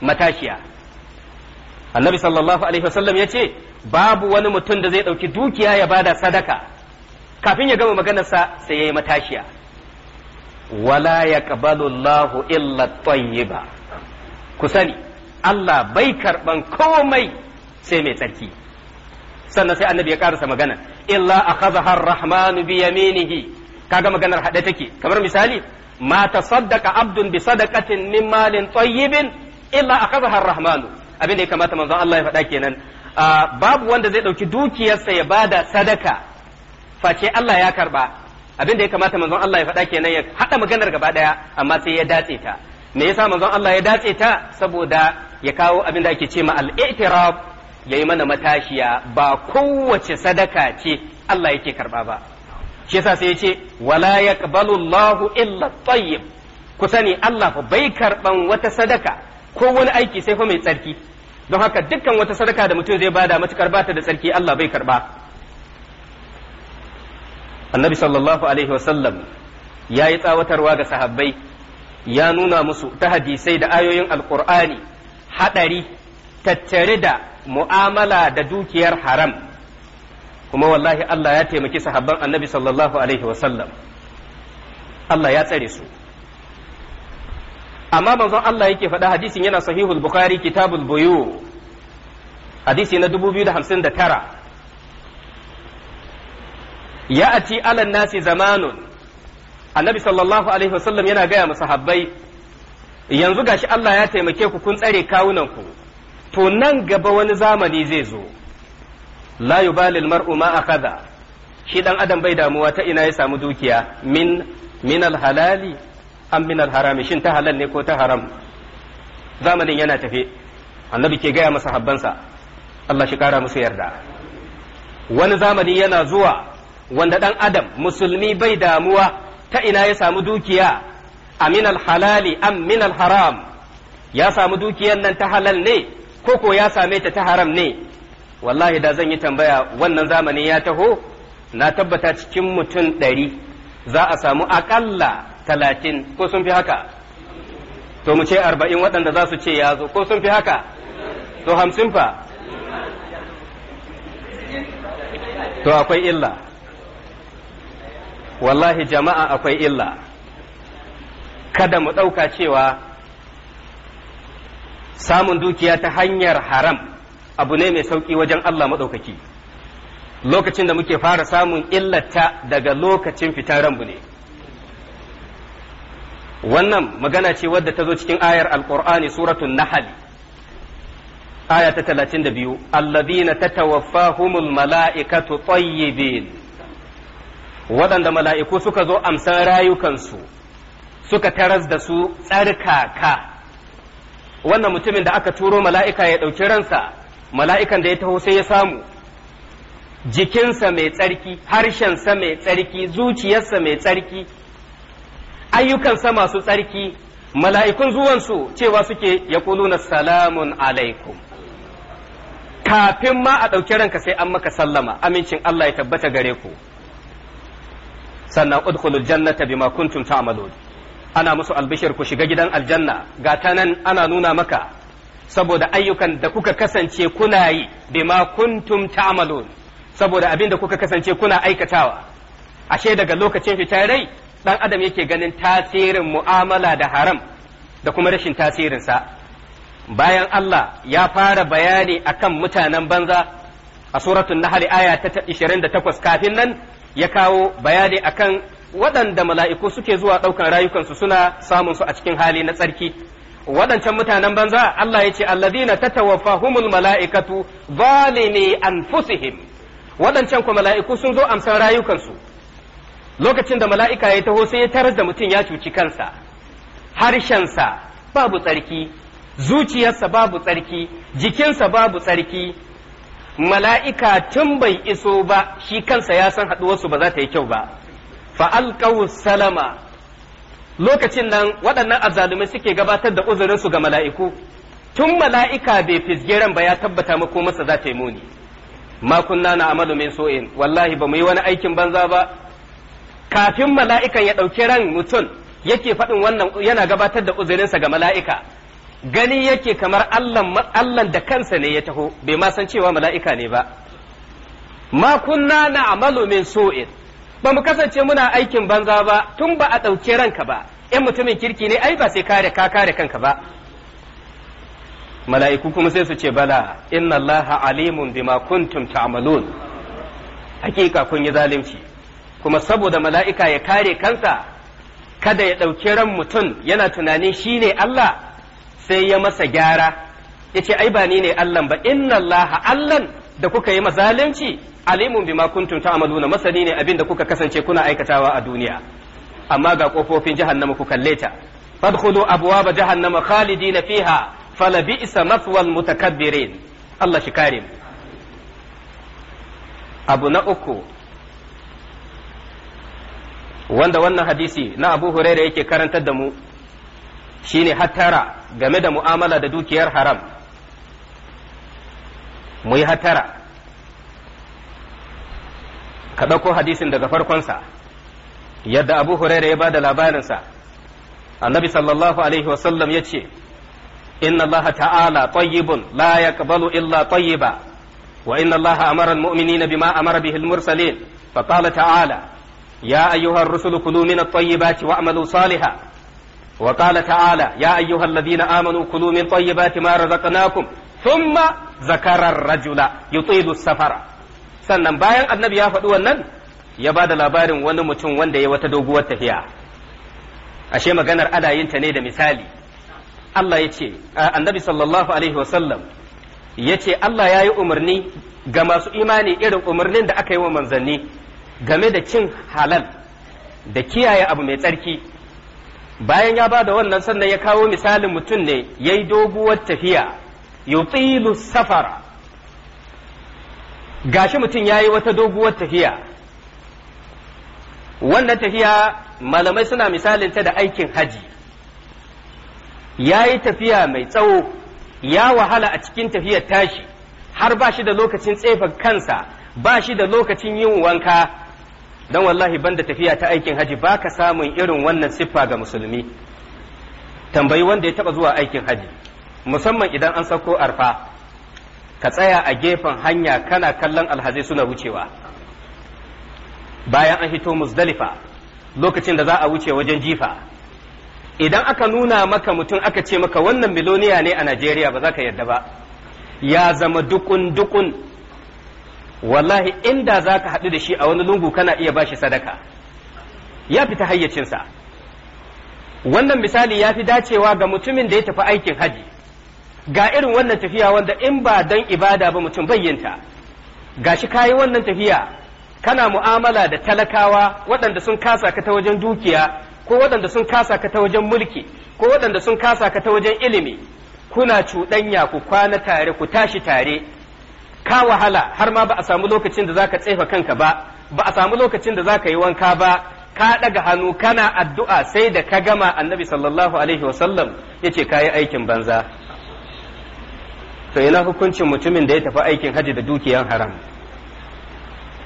matashiya annabi sallallahu alaihi wasallam yace babu wani mutum da zai dauki dukiya ya bada sadaka kafin ya gama maganarsa sai yayi matashiya wala yaqbalu Allahu illa tayyiba ku sani Allah bai karban komai sai mai tsarki sannan sai annabi ya karasa magana illa akhadha ar-rahmanu bi yaminihi kaga maganar hade take kamar misali ma tasaddaqa abdun bi sadaqatin min malin tayyibin illa akhadha ar-rahmanu abin da ya kamata manzon Allah ya faɗa kenan ah, babu wanda zai dauki dukiyarsa ya bada sadaka face Allah ya karba abin da ya kamata manzon Allah ya faɗa kenan ya haɗa maganar gaba ɗaya amma sai ya datse ta me yasa manzon Allah ya datse ta saboda ya kawo abin da ake ce ma al-i'tiraf ya yi mana matashiya ba kowace sadaka ce Allah yake karba ba shi yasa sai ya ce wala ƙabalu Allahu illa tsayyib, ku sani Allah fa bai karɓan wata sadaka ko wani aiki sai fa mai tsarki don haka dukkan wata sadaka da mutum zai bada matukar ta da tsarki Allah bai karɓa. annabi sallallahu alaihi wasallam ya yi tsawatarwa ga sahabbai ya nuna musu ta hadisai da ayoyin alƙur'ani haɗari tattare da mu'amala da dukiyar haram kuma wallahi Allah ya taimaki sahabban annabi sallallahu alaihi wasallam Allah ya tsare su amma manzon Allah yake faɗa hadisin yana sahihul bukhari kitabul buyu hadisi na 2059 ati alan nasi zamanun annabi sallallahu alaihi wasallam yana gaya mu sahabbai yanzu gashi Allah ya taimake ku kun tsare kawunanku to nan gaba wani zamani zai zo la yubali mar'u ma akhadha shi dan adam bai damuwa ta ina ya samu dukiya min min halali am min harami shin ta halal ne ko ta haram zamanin yana tafe annabi ke gaya masa habbansa Allah shi kara musu yarda wani zamani yana zuwa wanda dan adam musulmi bai damuwa ta ina ya samu dukiya a minal halali am minal haram ya samu dukiyan nan ta halal ne koko ya same ta ta haram ne wallahi da zan yi tambaya wannan zamani ya taho na tabbata cikin mutum ɗari za a samu aƙalla talatin ko sun fi haka to mu ce arba'in waɗanda za su ce ya zo ko sun fi haka to hamsin fa to akwai illa wallahi jama'a akwai illa kada mu ɗauka cewa samun dukiya ta hanyar haram abu ne mai sauƙi wajen Allah maɗaukaki lokacin da muke fara samun illata daga lokacin fitan ne wannan magana ce wadda ta zo cikin ayar alƙur'ani suratun nahal aya ta talatin da biyu allazina tatawaffahumul mala'ikatu tayyibin waɗanda mala'iku suka zo amsan rayukansu suka taras da su tsarkaka wannan mutumin da aka turo mala'ika ya ɗauki ransa mala'ikan da ya taho sai ya samu jikinsa mai tsarki harshensa mai tsarki zuciyarsa mai tsarki ayyukansa masu tsarki mala'ikun zuwansu cewa suke ya na salamun alaikum kafin ma a ɗauki ranka sai an maka sallama amincin Allah ya tabbata gare ku sannan udkhulul jannata bima kuntum ta'malun ana musu albishir ku shiga gidan aljanna ga ta nan ana nuna maka saboda ayyukan da kuka kasance kuna yi bima kuntum ta'malun saboda abin da kuka kasance kuna aikatawa ashe daga lokacin fitar rai dan adam yake ganin tasirin mu'amala da haram da kuma rashin tasirin sa. bayan Allah ya fara bayani akan mutanen banza a suratul nahl aya ta 28 kafin nan ya kawo bayani akan waɗanda mala'iku suke zuwa ɗaukan rayukansu suna samun su a cikin hali na tsarki waɗancan mutanen banza Allah ya ce ta tawafa humul mala'ikatu zalimi anfusihim waɗancan ku mala'iku sun zo amsan rayukansu lokacin da mala'ika ya taho sai ya tarar da mutum ya cuci kansa harshensa babu tsarki zuciyarsa babu tsarki jikinsa babu tsarki mala'ika tun bai iso ba shi kansa ya san haɗuwarsu ba za ta yi kyau ba fa'alƙawu salama lokacin nan waɗannan azzalumai suke gabatar da uzurinsu ga mala'iku tun mala'ika bai fisgeren ba ya tabbata mako masa za ta yi muni makunna na amalu min so'in wallahi ba mu yi wani aikin banza ba kafin mala'ikan ya ɗauki ran mutum yake faɗin wannan yana gabatar da uzurinsa ga mala'ika gani yake kamar Allah da kansa ne ya taho bai ma san cewa mala'ika ne ba makunna kunna na amalu min so'in ba mu kasance muna aikin banza ba tun ba a ɗauke ranka ba yan mutumin kirki ne ai ba sai kare ka kare kanka ba mala'iku kuma sai su ce bala inna Allah alimun bima kuntum hakika kun yi zalunci kuma saboda mala'ika ya kare kansa kada ya ɗauki ran mutum yana tunanin shi ne Allah sai ya masa gyara ya ce ai ba ni ne Allah ba inna allah allan da kuka yi zalunci alimun bima kuntum ta'maluna masani ne abin da kuka kasance kuna aikatawa a duniya amma ga kofofin jahannama ku kalle ta fadkhulu abwaba jahannama khalidina fiha fala bi'sa mathwal mutakabbirin Allah shi kare abu na uku wanda wannan hadisi na Abu Huraira yake karantar da mu shine hattara game da mu'amala da dukiyar haram muyi yi hatara ka ɗauko hadisin daga farkonsa yadda abu huraira ya ba da labarinsa annabi sallallahu alaihi wasallam ya ce inna ta'ala tayyibun la yaqbalu illa tayyiba wa inna allaha amara almu'minina bima amara bihi almursalin fa qala ta'ala ya ayyuha ar-rusulu kulu min at wa'malu salihan wa ta'ala ya ayyuha alladhina amanu kulu min tayyibati ma thumma zakarar rajula yutilu safara sannan bayan annabi ya faɗi wannan ya ba da labarin wani mutum wanda ya wata doguwar tafiya ashe maganar adayinta ne da misali Allah ya ce annabi sallallahu alaihi wasallam ya ce Allah ya yi umarni ga masu imani irin umarnin da aka yi wa manzanni game da cin halal da kiyaye abu mai tsarki bayan ya ba da wannan sannan ya kawo misalin mutum ne ya yi doguwar tafiya yutilu safara gashi mutum ya yi wata doguwar tafiya wannan tafiya malamai suna misalin ta da aikin haji yayi tafiya mai tsawo ya wahala a cikin tafiyar tashi har ba shi da lokacin tsefa kansa ba shi da lokacin yin wanka don wallahi banda tafiya ta aikin haji ba ka samun irin wannan siffa ga musulmi tambayi wanda ya taba zuwa aikin haji musamman idan an sako arfa ka tsaya a gefen hanya kana kallon alhazai suna wucewa bayan an hito musdalifa lokacin da za a wuce wajen jifa idan aka nuna maka mutum aka ce maka wannan miloniya ne a najeriya ba za ka yarda ba ya zama dukun dukun wallahi inda za ka haɗu da shi a wani lungu kana iya ba shi sadaka ya fita hayyacinsa wannan misali ya fi dacewa ga mutumin da ya tafi aikin hajji. ga irin wannan tafiya wanda in ba dan ibada ba mutum bayyanta gashi kayi wannan tafiya kana mu'amala da talakawa waɗanda sun kasa ka ta wajen dukiya ko waɗanda sun kasa ka ta wajen mulki ko waɗanda sun kasa ka ta wajen ilimi kuna cuɗanya ku kwana tare ku tashi tare ka wahala har ma ba a samu lokacin da za ka tsefa kanka ba ba a samu lokacin da za ka yi wanka ba ka ɗaga hannu kana addu'a sai da ka gama annabi sallallahu alaihi wasallam ya ce ka yi aikin banza to ina hukuncin mutumin da ya tafi aikin haji da dukiyan haram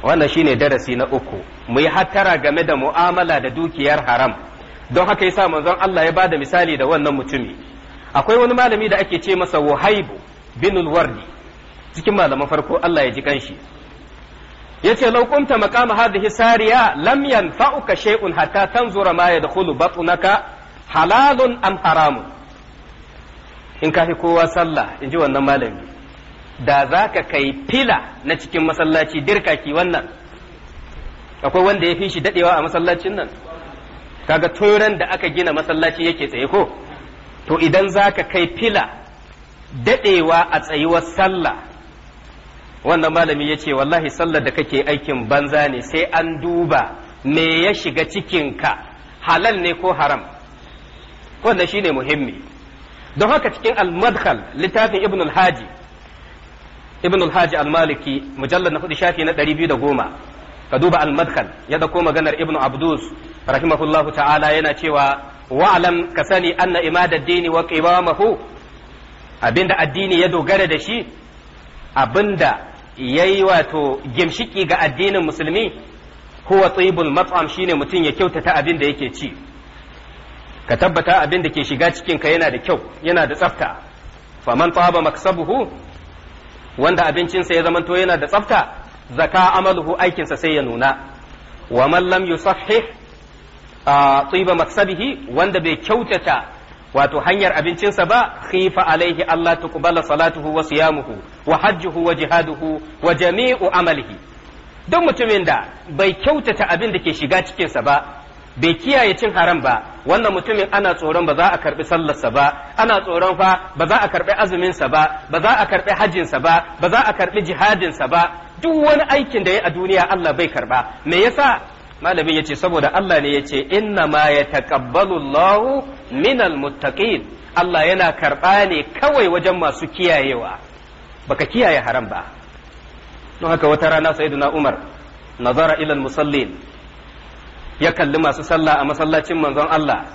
wannan shine darasi na uku mu yi hattara game da mu'amala da dukiyar haram don haka yasa manzon Allah ya bada misali da wannan mutumi akwai wani malami da ake ce masa Wahaibu bin Wardi cikin malaman farko Allah ya ji kanshi yace law kunta maqama hadhihi sariya lam yanfa'uka shay'un hatta tanzura ma yadkhulu batnaka halalun am haramun in kafi kowa sallah in ji wannan malami da za ka kai fila na cikin masallaci dirkaki wannan akwai wanda ya fi shi dadewa a masallacin nan kaga turan da aka gina masallaci yake tsaye ko to idan za ka kai fila dadewa a tsayuwar sallah wannan malami ya ce wallahi sallar da kake aikin banza ne sai an duba me ya shiga cikinka halal ne ko haram wannan shine muhimmi don haka cikin al-madkhal littafin ibn al-haji ibn al-haji al-maliki mujallad na hudu shafi na 210 ka duba al-madkhal ya dauko maganar ibn abdus rahimahullahu ta'ala yana cewa wa'lam ka sani anna imadaddini wa qiwamahu abinda addini ya dogara da shi abinda yayi wato gimshiki ga addinin musulmi huwa tsibul mat'am shine mutum ya kyautata abinda yake ci ka tabbata abin da ke shiga cikinka yana da kyau yana da tsafta faman tsaba maksabuhu wanda abincinsa ya zamanto yana da tsafta zaka amaluhu aikinsa sai ya nuna wa man lam yusahhih tsiba maksabihi wanda bai kyautata wato hanyar abincinsa ba khifa alaihi Allah tuqbala salatuhu wa siyamuhu wa hajjuhu wa jihaduhu wa jami'u amalihi duk mutumin da bai kyautata abin da ke shiga cikinsa ba bai kiyaye cin haram ba wannan mutumin ana tsoron ba za a karbi sallarsa ba ana tsoron fa ba za a karbi azuminsa ba ba za a karbi hajjinsa ba ba za a karbi jihadinsa ba duk wani aikin da ya a duniya Allah bai karba me yasa malamin yace saboda Allah ne yace inna ma yataqabbalu Allahu minal muttaqin Allah yana karba ne kawai wajen masu kiyayewa baka kiyaye haram ba don haka wata rana sayyiduna Umar nazara ila al-musallin ya kalli masu sallah a masallacin manzon Allah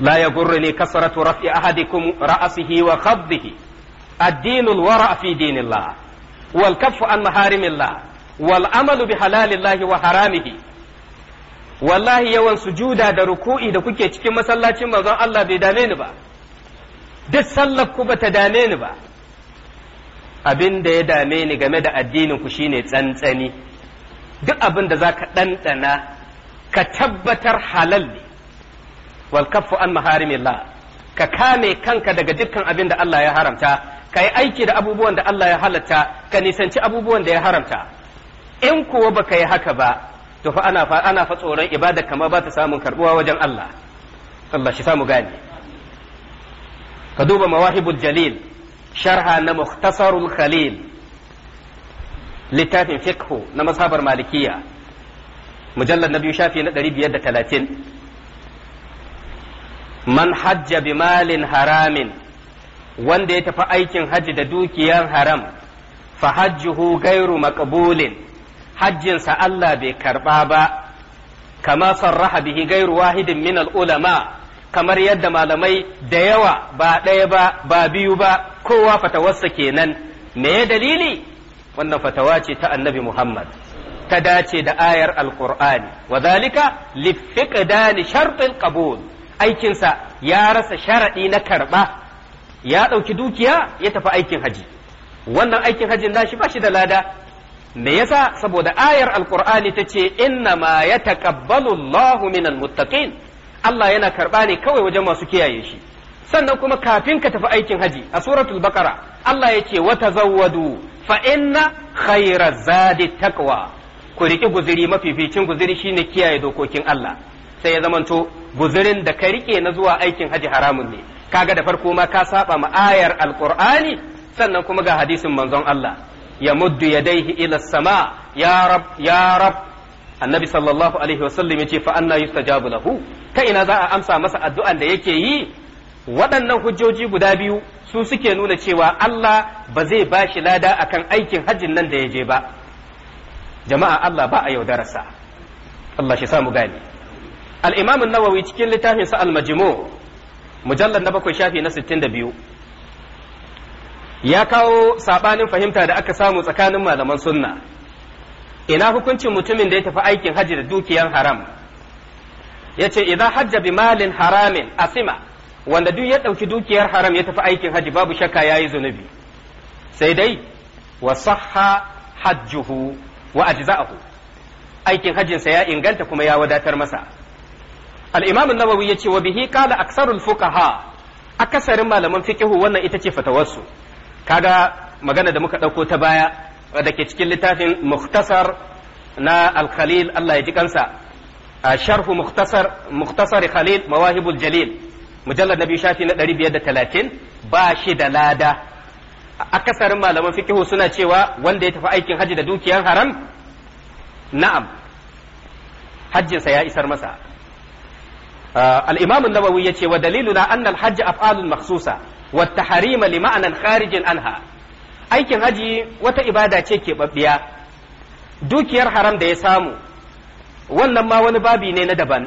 la yaghurruni kasratu raf'i ahadikum ra'sihi wa khaddihi ad wara fi dinillah wal kaffu an maharimillah wal amalu bi halalillahi wa haramihi wallahi yawan sujuda da ruku'i da kuke cikin masallacin manzon Allah bai dame ni ba duk sallar ku bata dame ni ba abin da ya dame ni game da addinin ku shine tsantsani duk abin da za ka ɗanɗana ka tabbatar halal ne wal kaffu an maharimillah ka kame kanka daga dukkan abin da Allah ya haramta ka yi aiki da abubuwan da Allah ya halatta ka nisanci abubuwan da ya haramta in kuwa baka yi haka ba to fa ana fa ana fa tsoron ibada kamar ba ta samun karbuwa wajen Allah Allah shi samu gane ka duba mawahibul jalil sharha na mukhtasarul khalil littafin Fikhu na masabar malikiya mujallar na biyu shafi na ɗari biyar da talatin man hajja bi malin haramin wanda ya tafi aikin hajji da dukiyar haram fa hajjuhu gairu maqbulin hajjinsa Allah bai karɓa ba kama sarraha bihi gairu wahidin min ulama kamar yadda malamai da yawa ba ɗaya ba ba biyu ba kowa fatawarsa kenan me dalili wannan fatawa ce ta annabi Muhammad ta dace da ayar alqur'ani wa zalika li fiqdani shartil qabul aikinsa ya rasa sharadi na karba ya ɗauki dukiya ya tafi aikin haji wannan aikin hajin nashi ba shi da lada me yasa saboda ayar alkur'ani tace inna ma yataqabbalu Allahu minal muttaqin Allah yana karba ne kawai wajen masu kiyaye shi sannan kuma kafin ka tafi aikin haji a suratul baqara Allah yace wa tazawwadu Fa'inna inna khayra zadi taqwa ku riki guziri mafificin guziri shine kiyaye dokokin Allah sai ya zamanto guzirin da ka rike na zuwa aikin haji haramun ne kaga da farko ma ka saba ma ayar alqur'ani sannan kuma ga hadisin manzon Allah ya muddu yadaihi ila sama ya rab ya rab annabi sallallahu alaihi wasallam yace fa anna yustajabu lahu ta ina za a amsa masa addu'an da yake yi waɗannan hujjoji guda biyu su suke nuna cewa Allah ba zai ba shi lada a kan aikin hajjin nan da ya je ba jama'a Allah ba a yaudararsa Allah shi samu gani al nawawi cikin littafin sa al mujallar mujallar na bakwai shafi na biyu, ya kawo saɓanin fahimta da aka samu tsakanin malaman sunna ina hukuncin mutumin da ya tafi aikin hajji da dukiyan haram Ya ce idan hajja bi malin haramin asima wanda duk ya ɗauki dukiyar haram ya tafi aikin haji babu shakka ya yi zunubi sai dai wa sahha hajjuhu wa ajza'ahu aikin hajjinsa ya inganta kuma ya wadatar masa al-imam an-nawawi yace wa bihi qala aksarul fuqaha akasarin malaman fiqihu wannan ita ce fatawarsu kaga magana da muka ɗauko ta baya da ke cikin littafin muhtasar na al-khalil Allah ya ji kansa sharhu muhtasar muhtasar khalil mawahibul jalil mujallar na biyu shafi na ɗari biyar da talatin ba shi da lada akasarin malaman fikihu suna cewa wanda ya tafi aikin haji da dukiyar haram na'am hajjinsa ya isar masa al-imam an ya ce wa dalilu na annal hajji af'alun maksusa wa at li ma'anan kharijin anha aikin haji wata ibada ce keɓaɓɓiya dukiyar haram da ya samu wannan ma wani babi ne na daban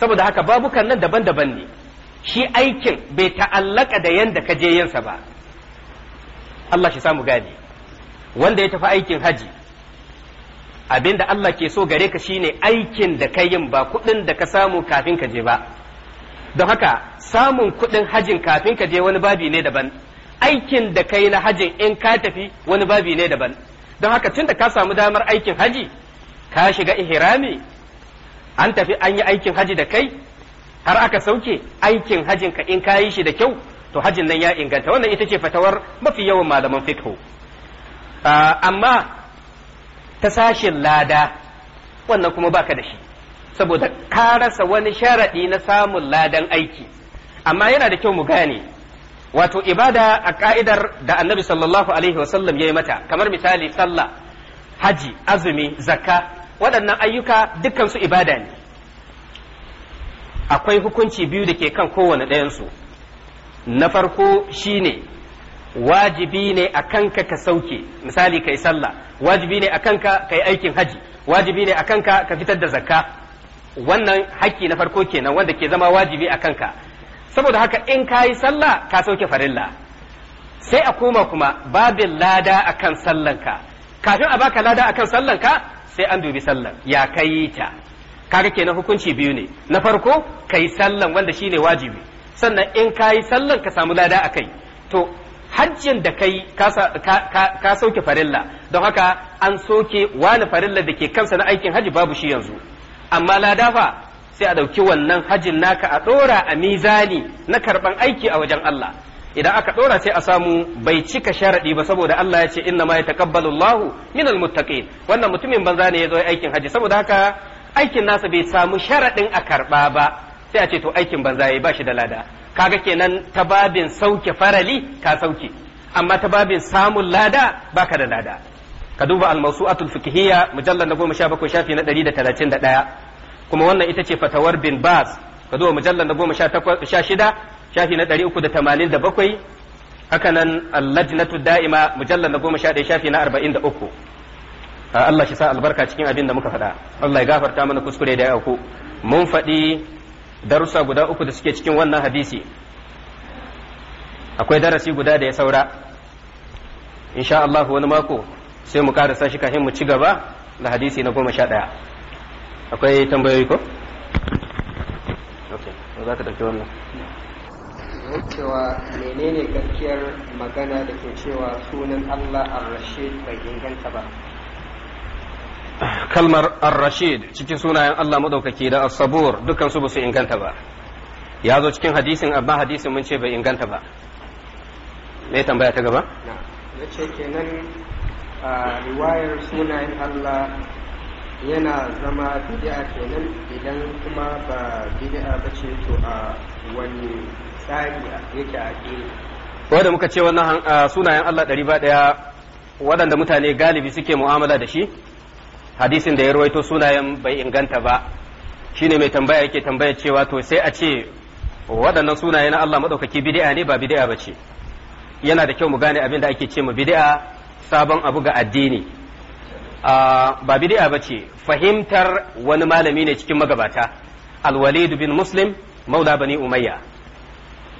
saboda haka babukan nan daban-daban ne shi aikin bai ta'allaka da yanda ka je yinsa ba Allah shi samu gane wanda ya tafi aikin haji abinda Allah ke so gare ka shine aikin da ka yin ba kuɗin da ka samu kafin ka je ba don haka samun kuɗin hajin kafin ka je wani babi ne daban aikin da kai na hajin in ka tafi wani babi ne daban don haka tunda ka samu damar aikin haji ka shiga ihrami an tafi an yi aikin haji da kai har aka sauke aikin hajin ka in kayi shi da kyau to hajin nan ya inganta wannan ita ce fatawar mafi yawan malaman fiqh ah, amma ta sashin lada wannan kuma baka da shi saboda ka rasa wani sharadi na samun ladan aiki amma yana da kyau mu gane wato ibada a ka'idar da annabi sallallahu alaihi wasallam ya yi mata kamar misali sallah haji azumi zakka waɗannan ayyuka dukkan su ibada ne akwai hukunci biyu da ke kan kowane ɗayansu na farko shine wajibi ne a kanka ka sauke misali kai sallah wajibi ne a kanka kai aikin haji wajibi ne a kanka ka fitar da zakka wannan hakki na farko kenan wanda ke zama wajibi a kanka saboda haka in ka yi sallah ka sauke farilla sai a koma kuma babin lada akan sallanka kafin a baka lada akan sallanka sai an dubi sallan ya kai ta kaga kenan hukunci biyu ne na farko kai sallan wanda shine wajibi sannan in kayi sallan ka samu lada a kai to hajjin da kai ka sauke farilla don haka an soke wani farilla da ke kansa na aikin haji babu shi yanzu amma lada fa sai a ɗauki wannan hajjin naka a ɗora a mizani na karɓan aiki a wajen Allah idan aka ɗora sai a samu bai cika sharaɗi ba saboda Allah ya ce inna ma ta Allahu minal muttaqin wannan mutumin banza ne ya zo aikin haji saboda haka aikin nasa bai samu sharaɗin a karɓa ba sai a ce to aikin banza ya ba shi da lada kaga kenan ta babin sauke farali ka sauke amma ta babin samun lada baka da lada ka duba al-mawsu'atul fiqhiyya mujallal na 17 shafi na ɗaya kuma wannan ita ce fatawar bin bas ka duba mujallal na 16 shafi na ɗari 387 haka nan al-lajnatu da'ima mujallal na 11 shafi na arba'in da uku. Ah, Allah shi sa albarka cikin abin da muka faɗa Allah ya gafarta mana kuskure da yauku mun faɗi darussa guda uku da suke cikin wannan hadisi akwai darasi guda da ya saura insha Allah wani mako sai mu karasa shi kafin mu ci gaba da hadisi na goma sha ɗaya akwai tambayoyi ko? za ka ɗauki wannan cewa menene gaskiyar magana da ke cewa sunan Allah ar-Rashid bai inganta ba kalmar ar-rashid cikin sunayen Allah madaukaki da as-sabur dukan su su inganta ba ya zo cikin hadisin amma hadisin mun ce bai inganta ba me tambaya ta gaba na ce kenan riwayar sunayen Allah yana zama bid'a kenan idan kuma ba bid'a ba ce to a wani tsari yake a wanda muka ce wannan sunayen Allah ɗari ba ɗaya waɗanda mutane galibi suke mu'amala da shi hadisin da ya ruwaito sunayen bai inganta ba shi ne mai tambaya yake tambaya cewa to sai a ce waɗannan sunaye na Allah maɗaukaki bid'a ne ba bid'a ba ce yana da kyau mu gane abin da ake ce ma bid'a sabon abu ga addini ba bid'a ba ce fahimtar wani malami ne cikin magabata al alwalid bin muslim maula bani umayya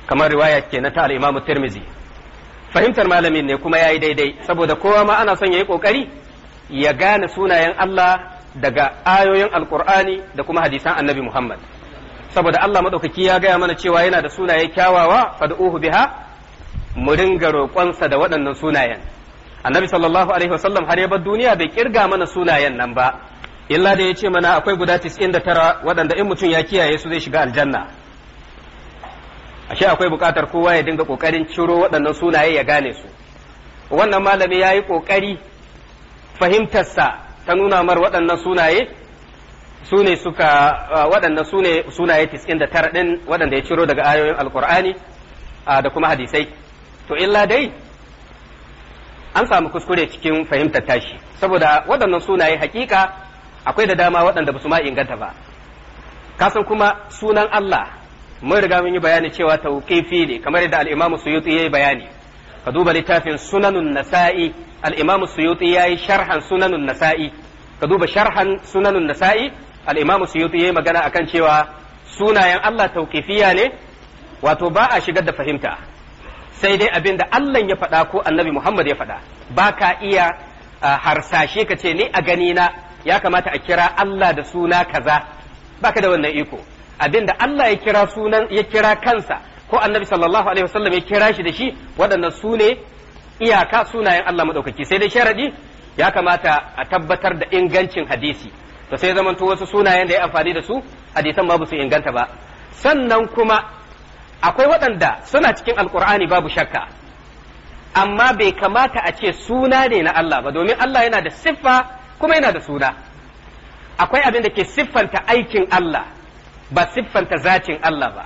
kamar riwaya kenan ta al-imamu tirmizi fahimtar malamin ne kuma yayi daidai saboda kowa ma ana son ya yi kokari ya gane sunayen Allah daga ayoyin alkur'ani da kuma hadisan annabi Muhammad saboda Allah madaukaki ya gaya mana cewa yana da sunaye kyawawa fad'uhu biha mu ringa roƙonsa da waɗannan sunayen annabi sallallahu alaihi wasallam har ya bar duniya bai kirga mana sunayen nan ba illa da ya ce mana akwai guda 99 waɗanda in mutum ya kiyaye su zai shiga aljanna ashe akwai buƙatar kowa ya dinga ƙoƙarin ciro waɗannan sunaye ya gane su wannan malami ya yi ƙoƙari fahimtarsa ta nuna mar waɗannan sunaye su ne suka waɗannan su ne sunaye 99 ɗin waɗanda ya ciro daga ayoyin alkur'ani da kuma hadisai to illa dai an samu kuskure cikin fahimtar tashi saboda waɗannan sunaye hakika akwai da dama waɗanda ba su ma inganta ba kasan kuma sunan Allah mun riga mun yi bayani cewa tawqifi ne kamar yadda al-Imam Suyuti yayi bayani ka duba littafin Sunanun Nasa'i al-imam suyuti yayi sharhan sunanun nasa'i ka duba sharhan sunanun nasa'i al-imam suyuti yayi magana akan cewa sunayen Allah tauqifiyya ne wato ba shigar da fahimta sai dai abin da Allah ya faɗa ko annabi Muhammad ya faɗa ba ka iya harsashe ka ce ni a gani na ya kamata a kira Allah da suna kaza baka da wannan iko abin da Allah ya kira sunan ya kira kansa ko annabi sallallahu alaihi wasallam ya kira shi da shi waɗannan su ne iyaka sunayen Allah maɗaukaki sai dai sharadi ya kamata a tabbatar da ingancin hadisi to sai zamanto wasu sunayen da ya amfani da su hadisan babu su inganta ba sannan kuma akwai waɗanda suna cikin alkur'ani babu shakka amma bai kamata a ce suna ne na Allah ba domin Allah yana da siffa kuma yana da suna akwai abin da ke siffanta aikin Allah ba siffanta zacin Allah ba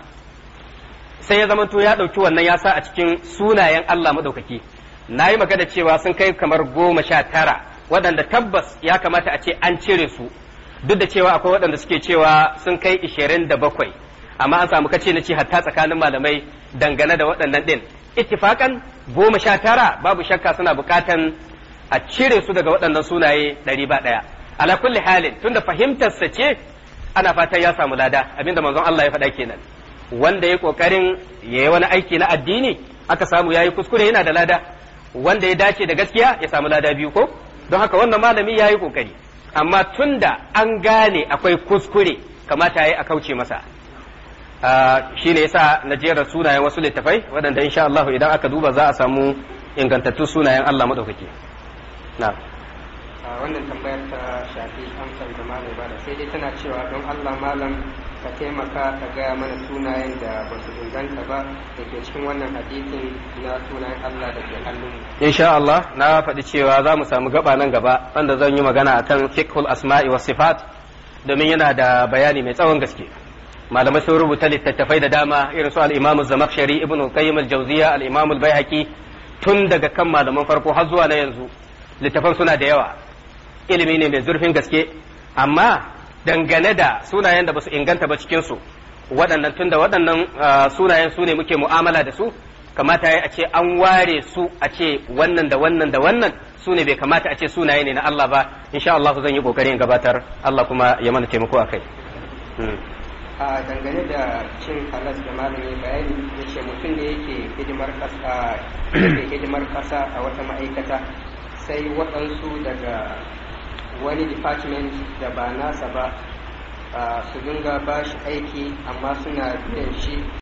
sai ya zamanto ya ɗauki wannan ya sa a cikin sunayen Allah maɗaukaki na yi magana cewa sun kai kamar goma sha tara waɗanda tabbas ya kamata a ce an cire su duk da cewa akwai waɗanda suke cewa sun kai ishirin da bakwai amma an samu kace na ce hatta tsakanin malamai dangane da waɗannan ɗin ittifakan goma sha tara babu shakka suna bukatan a cire su daga waɗannan sunaye ɗari ba ɗaya ala kulli halin tunda fahimtarsa ce ana fatan ya samu lada abinda manzon Allah ya faɗa kenan wanda ya ƙoƙarin ya yi wani aiki na addini aka samu ya yi kuskure yana da lada wanda ya dace da gaskiya ya samu lada biyu ko don haka wannan malami ya yi kokari amma tunda an gane akwai kuskure kamata ya yi a kauce masa ah, shi ne yasa na jerar sunayen wasu littafai waɗanda insha Allah idan aka duba za a samu ingantattun sunayen Allah maɗaukaki na ah, wannan tambayar ta shafi amsar da malam da sai dai tana cewa don Allah malam ka taimaka ka gaya mana sunayen da ba su inganta ba da ke cikin wannan hadisin na sunayen Allah da ke hannunmu. Insha Allah na faɗi cewa za mu samu gaba nan gaba wanda zan yi magana a kan fikhul asma'i wasu sifat domin yana da bayani mai tsawon gaske. malamai sun rubuta littattafai da dama irin su al-Imam az Ibn Qayyim al al'imamul al tun daga kan malaman farko har zuwa na yanzu littafan suna da yawa ilimi ne mai zurfin gaske amma dangane da sunayen da ba su inganta ba cikinsu waɗannan tunda waɗannan ah, sunayen su ne muke mu'amala da su kamata ya a ce an ware su a ce wannan da wannan da wannan su ne bai kamata a ce sunaye ne na Allah ba insha Allah zan yi kokarin gabatar Allah kuma ya mana taimako a kai hmm. a dangane da cin halas da malami bayani ya ce mutum da yake hidimar kasa hidimar kasa a wata ma'aikata sai waɗansu daga wani department da ba nasa ba su dinga ba shi aiki amma suna biyan shi